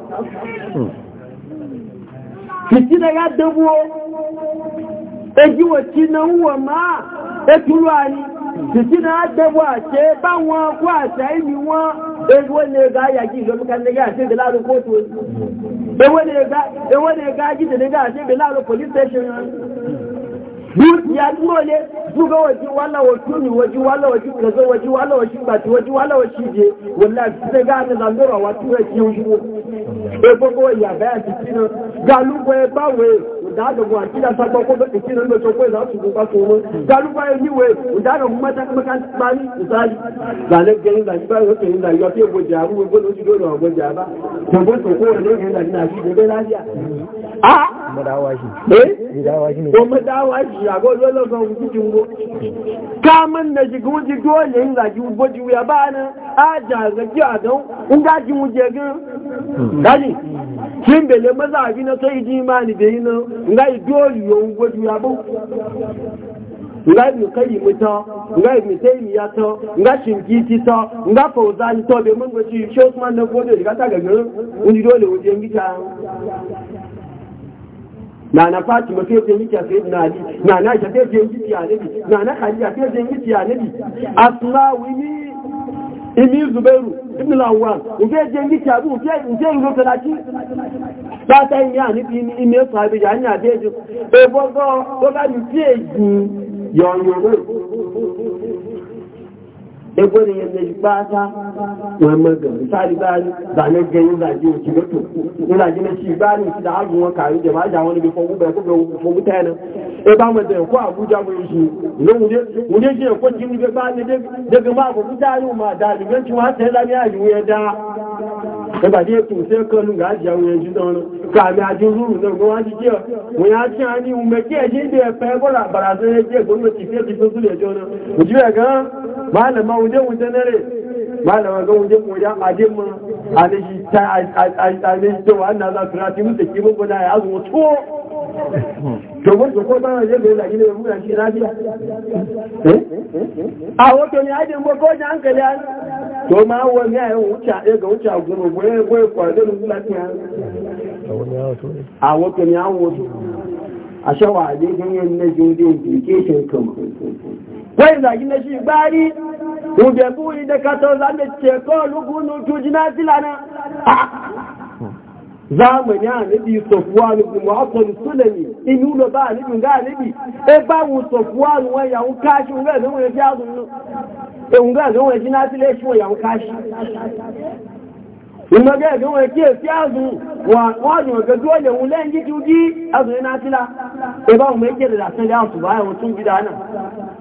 Speaker 1: fìtínà gáà dánwọ́ ejíwọ̀ tí na ń wọ̀ máa ẹtùlú àrí fìtínà dánwọ́ àṣẹ báwọn kó àṣà ìní wọn ewé lè ga yàjí ìlọ́míkanlẹ́gà àti ìgbèláàrùn kóòtù ewé lè ga jíjẹ̀ lẹ́gà àti ìgbèláàrùn police station ya duro ne su waje wala wasu waje wala waje kaza waje wala waje bati waje wala waje je wallahi sai ga na zandura wa tura ki yau shigo e ya ba ti ga lu ko e ba we da da ko ne to ko su ba ga lu e ni we da ta kan ba ni ga le ni da ba ni da do ko to ko ne na da shago na shiga wuji dole yin zagi wuji wuya ba na aja a don in gaji wuje gan gaji kin bele maza abi na sai ji imani da yi na nga dole yawon wuji wuya ba nga ibn qayyim to nga ibn taymiya to nga shinkiti to nga fawzani to be mun go ci na ta gaga unji dole wuje na na fatima sai zai miki sai na ali na na ta sai zai miki nabi na na khadija sai zai miki a nabi asla wini imi zubairu ibn al-awwal uje je miki abu uje uje ro talaki ba ta ya nabi eh, ni imi sahabi ya nya be ju e bogo to ga mi ti eji yo yo e bo ni wani magan misali bani zane gani zaje wuce gato ina gina ci ba ni da hagun wa kari da maja wani bi fogu bai kuma fogu ta yana e ba mu da ko abuja mu shi ne mu ne je ko jini bai bani daga ma ko da yau ma da liban ci wa sai zani ayi wuya da e ba dai tun sai kanu ga ajiya wuya ji da ka mi ajin ruru da ko aji ke mu ya ci ani mu ke je da ko la barazan ke gwamnati ke ji su le jona mu ji ga malama wuje ne malama ga wajen wajen ajin mu alishi ta alishi to wannan za su rati mun take mun bana ya azu to to mun ko ba ne ga lafi ne mun shi lafiya eh a wato ne ajin mu ko jan hankali an to ma wa ne ya wuce eh ga wuce guru goye mun kwadan lafiya a wato ne an wato a shawa ajin ganyen na jode implication kuma wai zagi na shi bari uje buyi da kato za mu ce ko lukunu tujina filana zamani anabi sofuwanu bi muhammadu sulami inu lo ba anabi nga anabi e, e, e ba wu sofuwanu wọn yahun kashi wọn gbẹdẹ wọn fi azun nu ehun gbẹdẹ wọn fi nasile ṣi wọn yahun kashi ìmọ̀ gbẹdẹ wọn kí èsì azun wọn yàn gẹdú ọlẹ wọn lẹ́yìn jíjí azun ní nasila e ba wọn méjèèrè lásán lẹ́yìn àtùbá ẹ̀wọ̀n tún jí dáná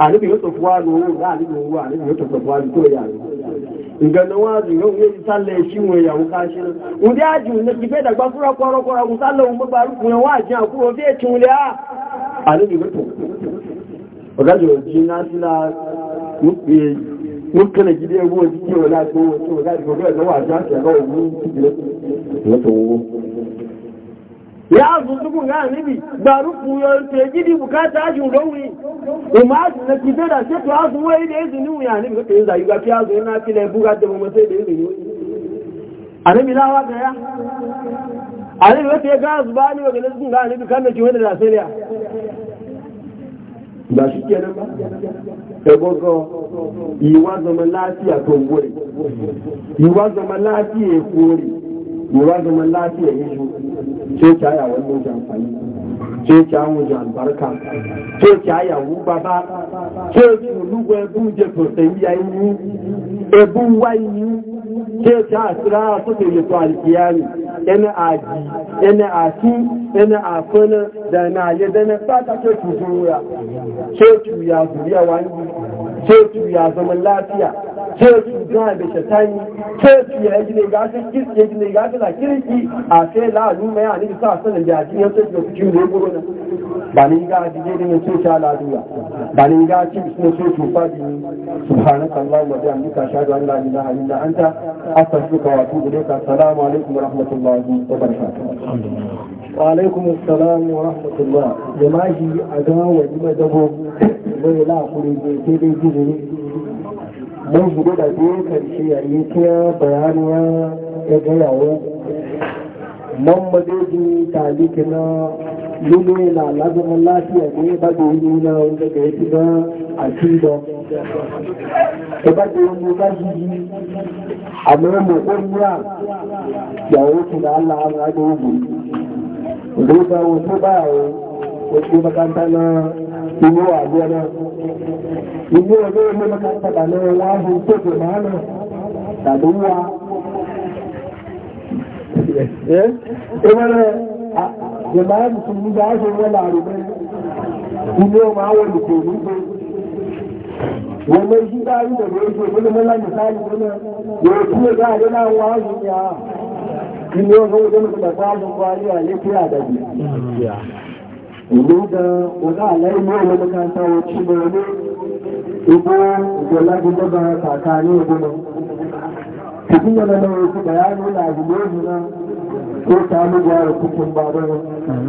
Speaker 1: àníbì yóò tó fún wáàrùn owó láàrin owó àníbì yóò tó fún wáàrùn tó yà rẹ̀ ìgbẹ̀nà wọn àti ìwọ̀n ah! yóò sálẹ̀ ìṣíwọ̀n ìyàwó káṣẹ́ ń dí àjù tó ọ̀gájọ̀ jí náà sílá mọ́kànlẹ̀ ya zuzugu ga anibi ba rufu ya ce gidi bukata a jin rauni umar na kibe da ce to azu wai da izini wuya anibi kake yin zayu ga fiya zuwa na fila ya buga da mamace da izini anibi lawa ga ya anibi wata ga azu ba ni ga nasu ga anibi kan da ki wani da sariya ba shi kenan ba egogo yiwa zaman lafiya to gore yiwa zaman lafiya kore yiwa zaman lafiya ya shi ce ta yawon wuce amfani ce ta wuce albarka ce ta yawon baba ce olúgbọ́ ẹbùn jẹ pọ̀tẹ̀ yíya inú ẹbùn wá inú ce ta àṣírá àtúnṣe lè tọ́ alkiyami ẹni àjí ẹni àti ẹni àfẹ́nà dànà àyẹ́dẹ́nà pátá ce tù dúró ya ce tù ya zuriya wá ce tù ya zaman lafiya sai su zuwa da shatani sai su ya ji ne gafi kirki ya ji ne gafi na kirki a sai la'adu mai a nufi sa sanin da ajiyar sai su cikin ne, ya na ba ni ga ajiyar da ya ce ta la'adura ba ni ga ci su ne sai su fadi subhanak allah wa bi amrika shahadu an la ilaha illa anta astaghfiruka wa atubu ilayka alaikum wa rahmatullahi wa barakatuh alaikum wa rahmatullah jama'i a Wa wani madabo bai la ne sai dai gizuri mun shigo da biyu karshe yayin kiya bayani ya gayawo man majeji taliki na lulu na lazumin lafiya ne ba da yi nuna wanda ga yake ba na a cido ta ba da yi ba shi yi a mai mai ƙungiya ya wuce da allah an rage wuce zai ba wasu ba ya wuce makanta na inú àgbẹ̀ náà inú ọjọ́ ilé mẹ́ta padà lọ́wọ́ láàbù tóbi màánà tàbí wá ẹgbẹ́rẹ́ ìmáàbù tí Wani bá ṣe wọ́n láàrù mẹ́ inú ọmọ àwọn olùkò nígbé wọ́n lé sí dáàrí pẹ̀lú oṣù olómọ́lá nìsáàrí pẹ̀lú yóò tí ó dáàrí da wọ́n á yìí ní àà inú ọjọ́ ìjọ́ ìlú ga ọ̀gá àlẹ́ ìlú ọ̀lọ́ mọ́kántà ọ̀chí mọ́ọ̀lú ìbú ìgbòlágbé lọ́gbà
Speaker 2: na ní ọdún náà tìbí yẹn lọ́nà òkú bàyá ní làgbìlú òjì náà tó sàánú ya òkùnkùn bàbá náà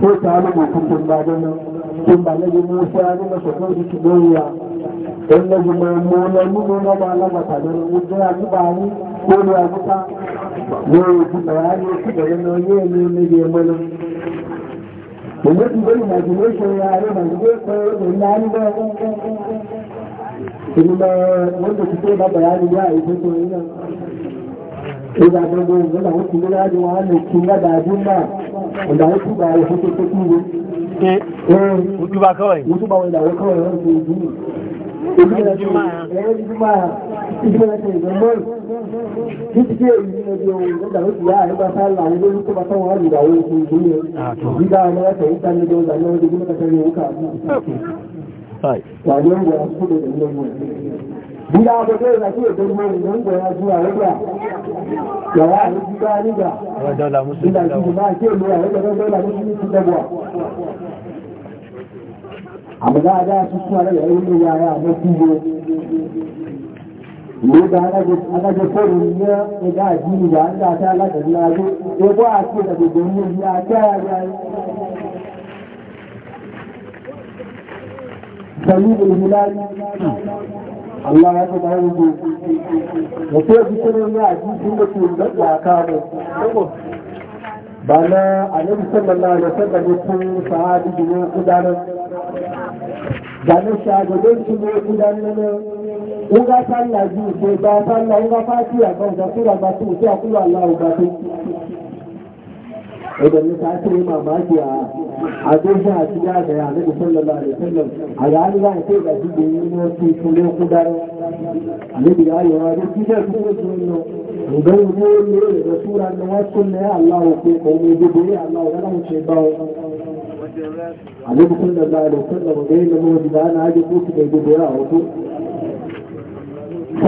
Speaker 2: tó sàánú òkùnkùn bàbá náà
Speaker 1: tó ń bà lẹ́yìn mú fẹ́ ní mọ́sọ̀kọ́ ìdí mu na mu ẹlẹ́yìn mọ́ mú lọ nínú lọ́gbà alágbàtà lọ́nà ó jẹ́ àgbà ní lórí àgbà lórí òkú bàyá ní òkú bàyá náà yé ẹni ne ẹni ẹmọ náà Gbogbo ti gbé imagination ya rẹ̀ mọ̀ gbé pé ìlà ń bẹ́ ìlẹ̀ mọ́tò ti tó bàbá yá nílá ìfúnso iná. Ìgbà gbogbo ìgbà ó ti lé láti wọn á lè kí ládàá bí náà ìgbà ó túbà ìfúnso tó kú wo. Ojúbà kọ́wẹ̀. Ojúbà wọn ìdàwọ́ kọ́wẹ̀ rẹ̀ ń fi ìdí. Ìgbà ìgbìmọ̀ ẹ̀sẹ̀ ìgbẹ̀mọ́rù ní ti kéèrè ní ọjọ́ ohun ìgbàlódì yáà nípa sáàlà àwọn olórí tó bá sáwọn àlùdáwọ̀ ohun ìgbìmọ̀ ìgbà àwọn ẹ̀sẹ̀ ìgbàlódì ọjọ́ ìgbìmọ̀ ẹ̀sẹ̀ ìwọ̀n kààbí wà ní ọjọ́ ìgbàlódì ọjọ́ ìrìnàjò
Speaker 2: ìdánimọ̀ ìrìnàjò ìrìnàjò àrẹ́gbà, yàrá àrẹ́gbà nígbà, ìdàjú ìmá àti èlò àrẹ́gbà lọ́gbẹ́lá ní ṣílẹ̀ ti dẹ́gbà.
Speaker 1: Àmì dáadáa tuntun ìrìnàjò àrẹ́ ni ba na ji ana ji ko ni ya ga ji ni ba da ta la da la ji ko ko a ce da gobe ni ya ta ya ga sami da Allah ya tabbata da ku da ku ji ne ya ji sun da ku da ka bana annabi sallallahu alaihi wasallam ya ce sahabi ne ku da da ne shagodon ku ne ku in ga sallah biyu sai ga sallah in ga fatiha ga da sura ga su sai kullu Allahu ga su idan ne ta ce mamaki a a dai shi a cikin da ya nabi sallallahu alaihi wasallam a ga an ga sai ga shi da yi ne su kule kudar annabi ya yi wa duk da su ne su ne ga ne ne da sura da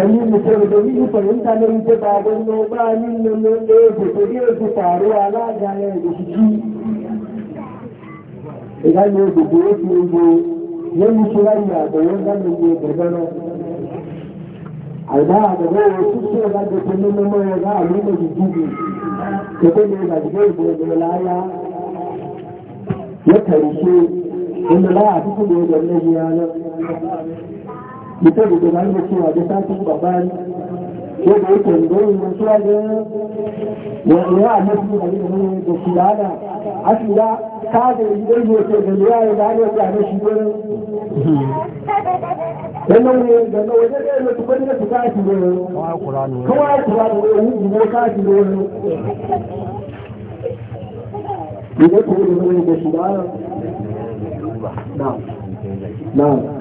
Speaker 1: domin mutum domin yi fahimta na wuce ba don no ba nin nan nan da ya fito ya fi faruwa na gane da shi ci idan ne da ko yake yi ne mu shi rayuwa da yan ganin ne gurgana alba da ba wa su so da da mutum da domin da cewa da sakin babban ko da yake da yi da ya a mafi da yi ne da shi da ana a shi da ka da yi da yi da yi da shi nan ne da na kuma kurani kuma kurani ne yi ne ka shi wani ne ko da yi da shi da ana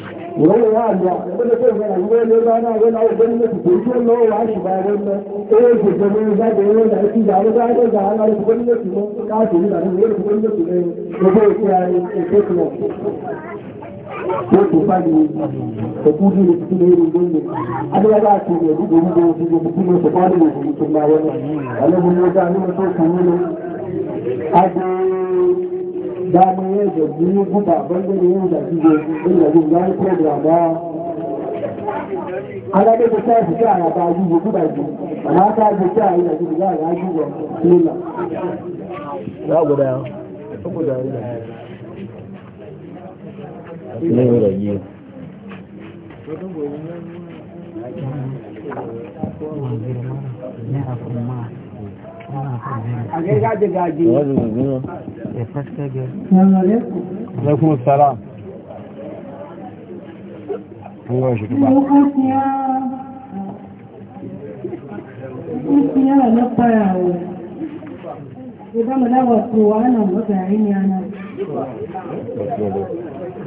Speaker 1: wani wanda wanda kai mana wani rana wani abu ganin da suke shi wannan wani wani ba wannan eh ke gani za da yawan da ake da wani da da ana da ganin da su mun ka su da wani wani ganin da su ne ko ko ya yi ko ko ko ko fa ni ko ku ji ku ne ru gun ne ada ya ku ne ru gun ne ku ku ku ne ko fa ni ku ku ma wani Allah mun ya ta ni ko ku ne ade dama ya zabi guba bangare yin zafi da inda yin wani program ba
Speaker 2: ala da ta
Speaker 1: fi ta na ba yi guba ji ana ta ji ta yi da guba ya ji ba lila ya guda ya guda ya
Speaker 2: ne da yi ne a kuma
Speaker 1: alaikum salam mu dawa kowa nan mutane ne ana.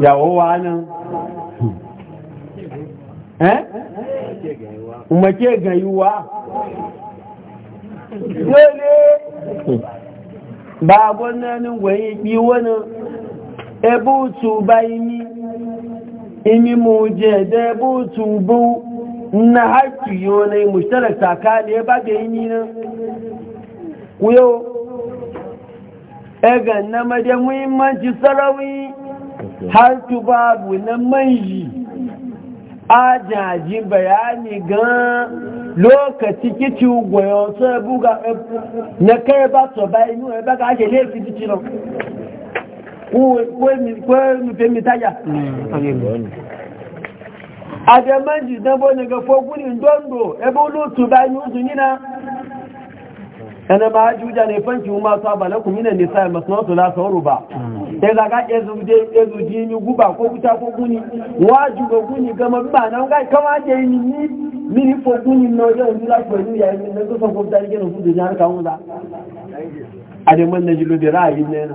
Speaker 1: yàwó wa náà ẹ́ mọ̀kí ẹ̀gàn yìí wá lóòlé bá gbọ́nà ní wẹ̀yìn pí wọ́nà bá imi imi mú jẹ́ ẹ̀dẹ́ ẹbúùtù bú na haiti yóò na ìmùsítẹ̀lẹ̀ sàkáàlì ẹbá gẹ̀ imi náà kúyó ẹgàn na mẹ́dẹ̀ mú ìmọ̀ sọ́rọ̀ har tu babu na manji ajaji bayani gan lokaci kici goyon sai buga e- na kai ba to ba inu e ba ka ke le fi ti lo ko mi ko mi pe mi taya ajamanji dan bo ne ga fogun ndondo e bo lutu ba inu dunina yana ma juja ne fanki ma sa ba lakum minan nisa masnatu la sawru ba sai e da ga ke zuje ke zuji ni guba ko kuta ko guni waju ga guni ga ma ba nan ga kama je ni ni mini fo guni no je ni la ko ni ya ni ko so ko da ke no fudu jan ka wala ade man na jilo bi ra'ayi ne na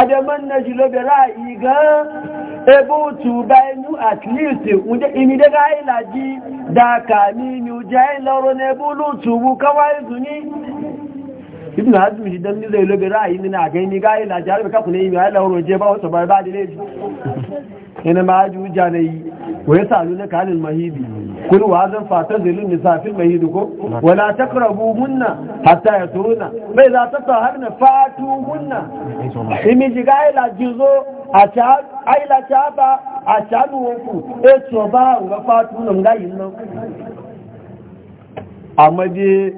Speaker 1: ade man na jilo bi ra'ayi ga ebe otu bayanu at least imi daga ilaji da kami ni uje ilọrọ na ebe ụlọ otu ugbu kawai zuni ibn zai lobe ra'ayi ni na ga ni ga ilaji imi ba wasu bar ba da leji ina ma ji hujja na yi ko ya salu na kalin mahidi kun wa zan fata zilin nisafin mahidi ko wala takrabu hunna hatta ya turuna bai za ta har na fatu hunna imi jiga ila jizo a ta aila ta ba a ta ku e to ba ga fatu nan ga yin nan amma je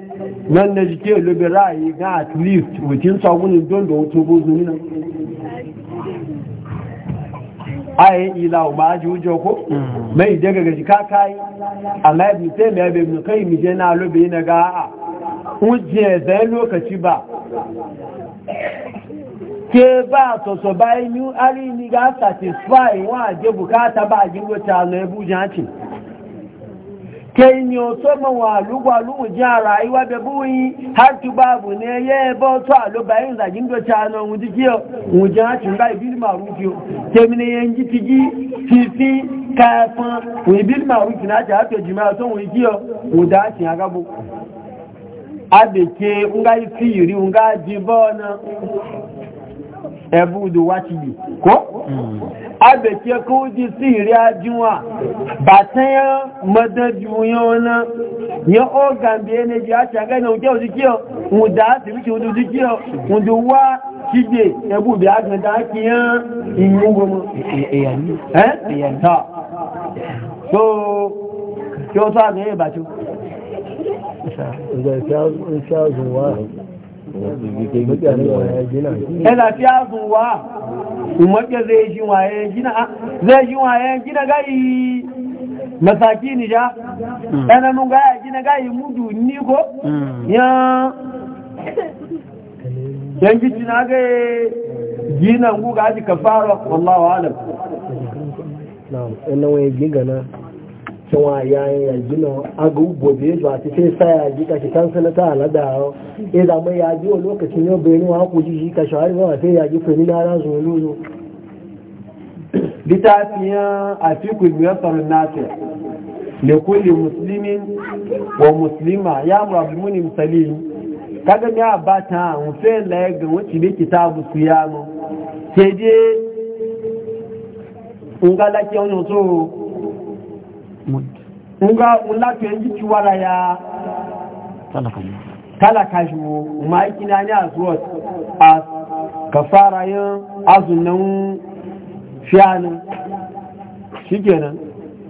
Speaker 1: nan da jike lobe ra'ayi ga at least wucin sagunin don da wuce gozo nan ayin ilawo ma aji ujo ko mm. mai daga gaji kakai Allah ibn Taymiyyah ibn Qayyim je na lobe na ga a uje zai lokaci ba ke ba soso bayan yi ari ni ga satisfy wa je bukata ba gibo ta na ebujan cin kẹyìn ọ̀tọ́ mọ̀ wọn alụmụ lóhùn jẹ́ ara ìwà bẹ̀bú yìí hàtùbáàbù ní ẹyẹ ẹbọ́ ọ̀tọ́ àlóbà yìí ìrìnàjí ń dọ̀ta àná ohun jíjí ohun jẹ́ àti ń bá ìbílì o tẹ́mìnì yẹn jí ti jí ìbílì náà abẹ̀kẹ́ kó jí sí ìrí ajínwà bàtẹ́yàn mọ́dánjú yánná yán ó gàmbí ẹnẹ́jì àṣàgẹ́ ìnà òjẹ́ òjíkí ọ ǹdá síríkì òjíkí ọ ǹdù wá kígbè ẹbù bí agbẹ̀dá kí yán ìyún gbọmọ yana fi azuwa umarke zai shi wayan gina zai shi wayan gina gari masaki ni ja yana hmm. nun gaya gina gari mudu ni ko hmm. yan yan gici na ga gina nguga aji kafara wallahu alam na'am ina wayan na cewa yayin yanzu na aga gobe zuwa ta sai sa ya ji kashi kan sanata a alada ya e zama ya ji wa lokacin yau bai nuna haku ji kashi har zama sai ya ji fani na ran zuwa lulu litafiyan afiku fi kulmiyar tsarin nasir da musulmin wa musulma ya murabimuni misali kaga ya ba ta musayin laye ga wacce ne kitabu su yamu sai dai in ga lafiya wani nga mulatu yanzu ciwara ya talaka shi wo ma na ni azuwa a kafara yin azunan fiyanin shi kenan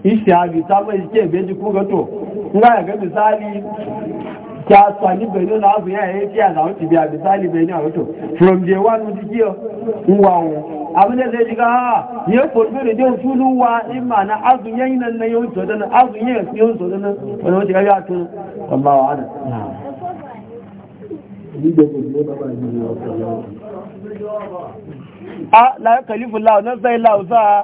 Speaker 1: ishi abi ta mai ke beji kogato. nga ya ga misali kí a sọ ní bẹ̀rẹ̀ náà fi hàn yẹn kí ti bí bẹ̀rẹ̀ from day one ti kí ọ wà wọn abúlẹ̀sẹ̀ ti ká hà yẹn kò wa ní màánà azùnyẹ́ yìí náà yóò sọ dáná azùnyẹ́ yẹn yóò sọ dáná wọn ó a láyé kàlífù láwù náà sẹ́yìn láwù sáà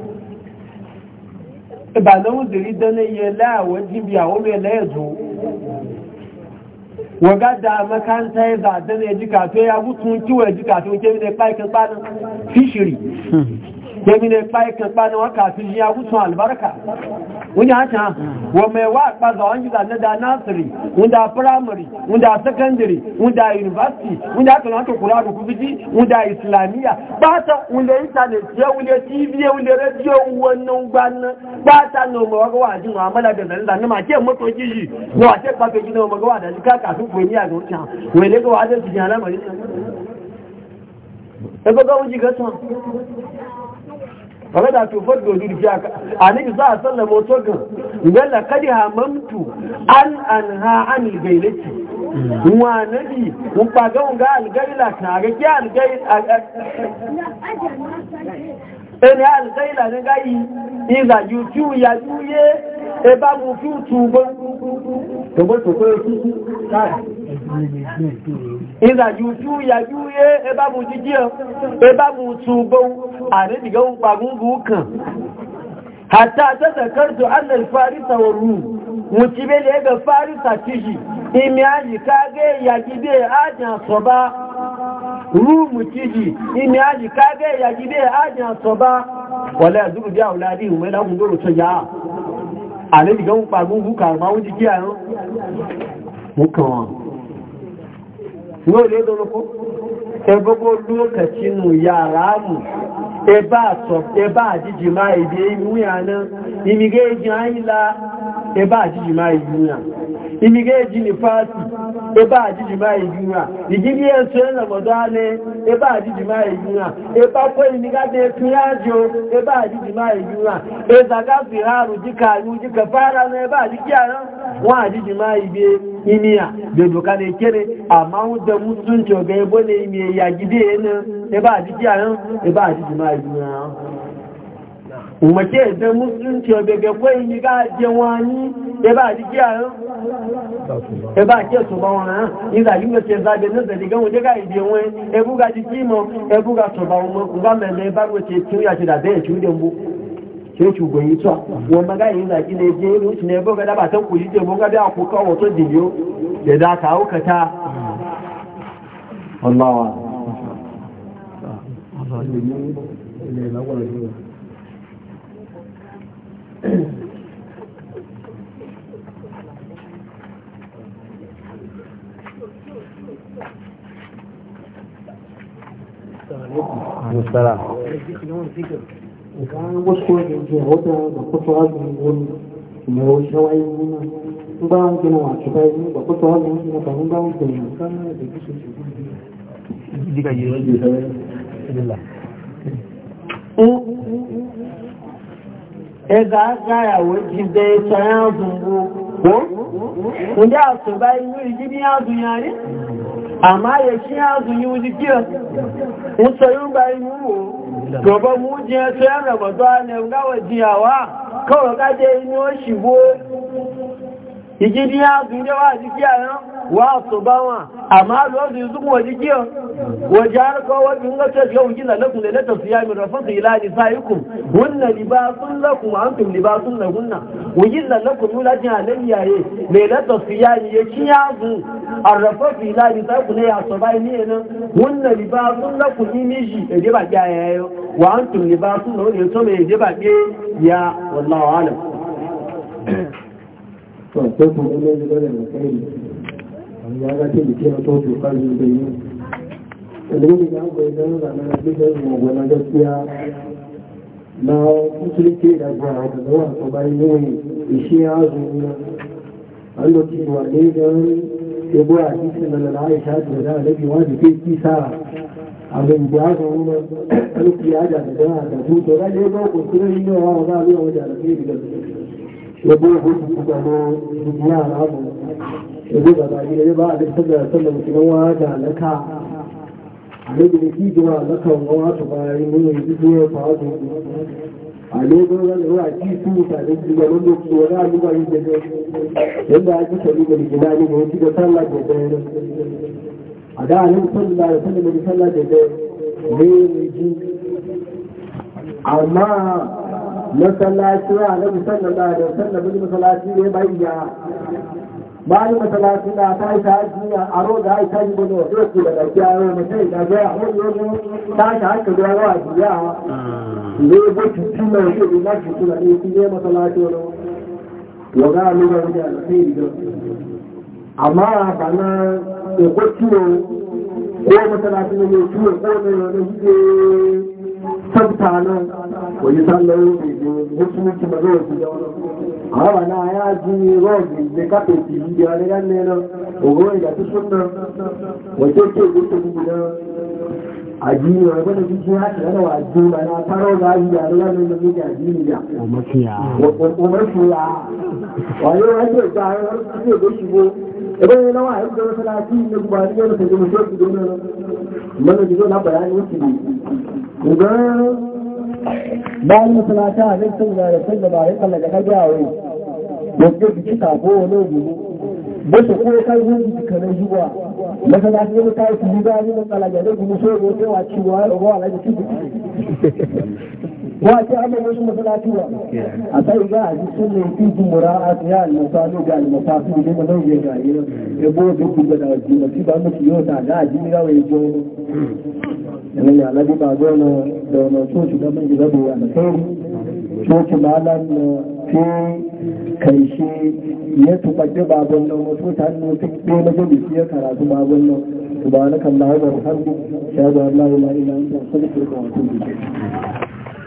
Speaker 1: ba na wuzuri dana iya la'awar jibiya wani laye zo waga da makanta ya za dana ya ji kato ya gutun kiwa ya ji kato ke mine kpaikin tsanin fishiri hmm. ke mine albarka wani hata wa mai wa ɓaza wani zane da nasiri wanda primary wanda secondary wanda university wanda aka nata kula da kubiji wanda islamiyya ba ta wanda internet ya wule tv ya wule radio wannan gbanin ba ta na umarwa ga wajin wa amala da zane zane ma ke mato kishi na wace ɓafe gina umarwa wa da jika kafin kweniya ga wuce wele ga wajen su jihana marisa. Ebe ga wuji gasa. fara da tufar da wani jiya a nabi za a sallama wato gan galla kadi hamamtu an an ha an gailaki wa nabi mun faga mun ga algaila eh, na ga ki algaila ene algaila ne gayi iza yutu ya yuye ẹ bá mú kí ó tu bọ́ tòbó tòkó etí ìrìnàjò tú yàjú yé ẹ mú jíjí ẹ bá mú tu bọ́ àrídìgẹ́ ń pagúngù kàn hatta ta zakartu annal farisa wa rum mutibele ga farisa tiji imiyaji kage yagibe ajan soba rumu tiji imiyaji kage yagibe ajan soba wala zuru bi auladi umela ngoro ya àlejì gan pàgún fún kàrùn máa ń jí kí àrùn mú wọn ní olè lórúkú ẹgbogbo lókàtí nù yàrá mù ẹbá àjíjì máa èdè ìwúyàná ìmìgé ìjì àyílá ẹbá àjíjì máa ìmìgé èjì ní fásì ẹbá àjíjì máa ìjúra ìjírí ẹ̀sọ́ ẹ̀lọ̀mọ̀dọ́ alẹ́ ẹbá àjíjì máa ìjúra ẹbá pé ìmìgáde fíyájò ẹbá àjíjì máa ìjúra ẹzàgá fìhàrù jíkà àrùn jíkà fára ní ẹbá àjíjì àrán wọ́n àjíjì máa ìgbé imiya bèbùkà ní kéré àmá ń dẹ mútúntì ọ̀gẹ́ ẹbọ́ ní imi ẹ̀yà gidé ẹ̀nà ẹbá àjíjì umarci yadda musulunci obebe kwai ni ga je wani ebe a jiki a ebe a ke su ba wọn ha nígbà yíò ṣe zaɓe ní zẹ̀dìgán wọn ìdí wọn ga jiki mọ ẹbú ga sọ̀bà wọn nga mẹ́lẹ̀ bá wọ́n ṣe tí ó yà ṣe dàbẹ́ ẹ̀ṣù dẹ̀ mbú ṣe é ṣùgbọ́n yìí tọ́ wọn jẹ́ dábà tó kù jẹ́ tó dì kẹta ọlọ́wà. Musala. da kusa wajen wani mai wasu ẹgbà gáyàwó jíde tọ́yánzùnwó kó ndí àtùbá inú ìjí ní àdúyàn rí àmá yẹ kí àdúyàn ojú kí ọ ń sọ yóò gba inú wò gọ̀bọ̀ mú jẹ tó yẹ rẹ̀bọ̀tọ́ kọ̀rọ̀ wa su ba wa amma lokacin su waje kiyo waje har ko waje in ga ce yau gina lakum da lata siyami rafatu ila nisaikum hunna libasun lakum antum libasun wujin wa gina lakum la jahalan yaye mai lata ne ya kiyazu arrafatu ila nisaikum ne ya so bai ne nan Wunna libasun lakum ni miji e je ba ya yayo wa antum libasun lahunna e so me e je ba ke ya wallawa alam to sai kun ne da kai ya ga ce da kewa to to kan da yi dalilin ya goyi don ranar gidan magwana gaskiya na musulunci da gwara da zama a bayan yawon ishi ya zuwa an lokaci wa ne don ebo yabo gudu kuka ne ya rabu yanzu ba baki da ba a duk sallar sallar mutum wa da laka a ne da ki jira lakan wa ta bayan ne yanzu zuwa faru a ne gudu da wa ki su mutane su ga nan lokaci wa masallaci wa musallar da alaihi wasallam wani masallaci ne bayya bayan masallaci na ta yi ta haji a roga ai ta yi bane da ki daga kiyaye mutai da ga hon yomo ta ta haka da wa jiya ne ba ki tuna ne ne na ki tuna ne ki ne masallaci ne wa ga mu ga da sai da amma bana ko ko ciwo ko masallaci ne ciwo ko ne ne sabta nan wani sallar musulunci ba zai fi hawa na ya ji rogi da kafe ti da wani ganne nan ogo ya fi sunna wace ke gudu gudu a wani gwada jiki ya ce yana wa jini ba na taro ga yi da ruwa ne da muke a jini da umarciya umarciya wani wani ya ce ta hanyar su ne da shigo idan ya nawa ya ga masalaci na gubani da rasa jini sai gido na mana gido na bayani wasu ne idan bayan masalata a nan sun zara sun da ba ya kalla da kaga a wai wasu da kika ko wani gudu ba su ko kai yin jikanin zuwa masalaci ya mutane su yi gani matsala ga da gudu sai ya wace wa ciwa ya rubawa na jikin wace an mai wasu masalatuwa a sai ga a jikin ne fitin mura'a ya almasalu ga almasalu ne ba zai ga yi ya bo da ku ga da jina ci ba mutu yau ta ga jini ga wai jo ne ya labi ba go na da na so shi da man gida bo ya sai so ki malan fi kai shi ya tubaje babon nan wato ta hannu ta be majalisi ya karatu babon nan subhanakallahumma wa bihamdika shada la ilaha illa anta astaghfiruka wa atubu ilayk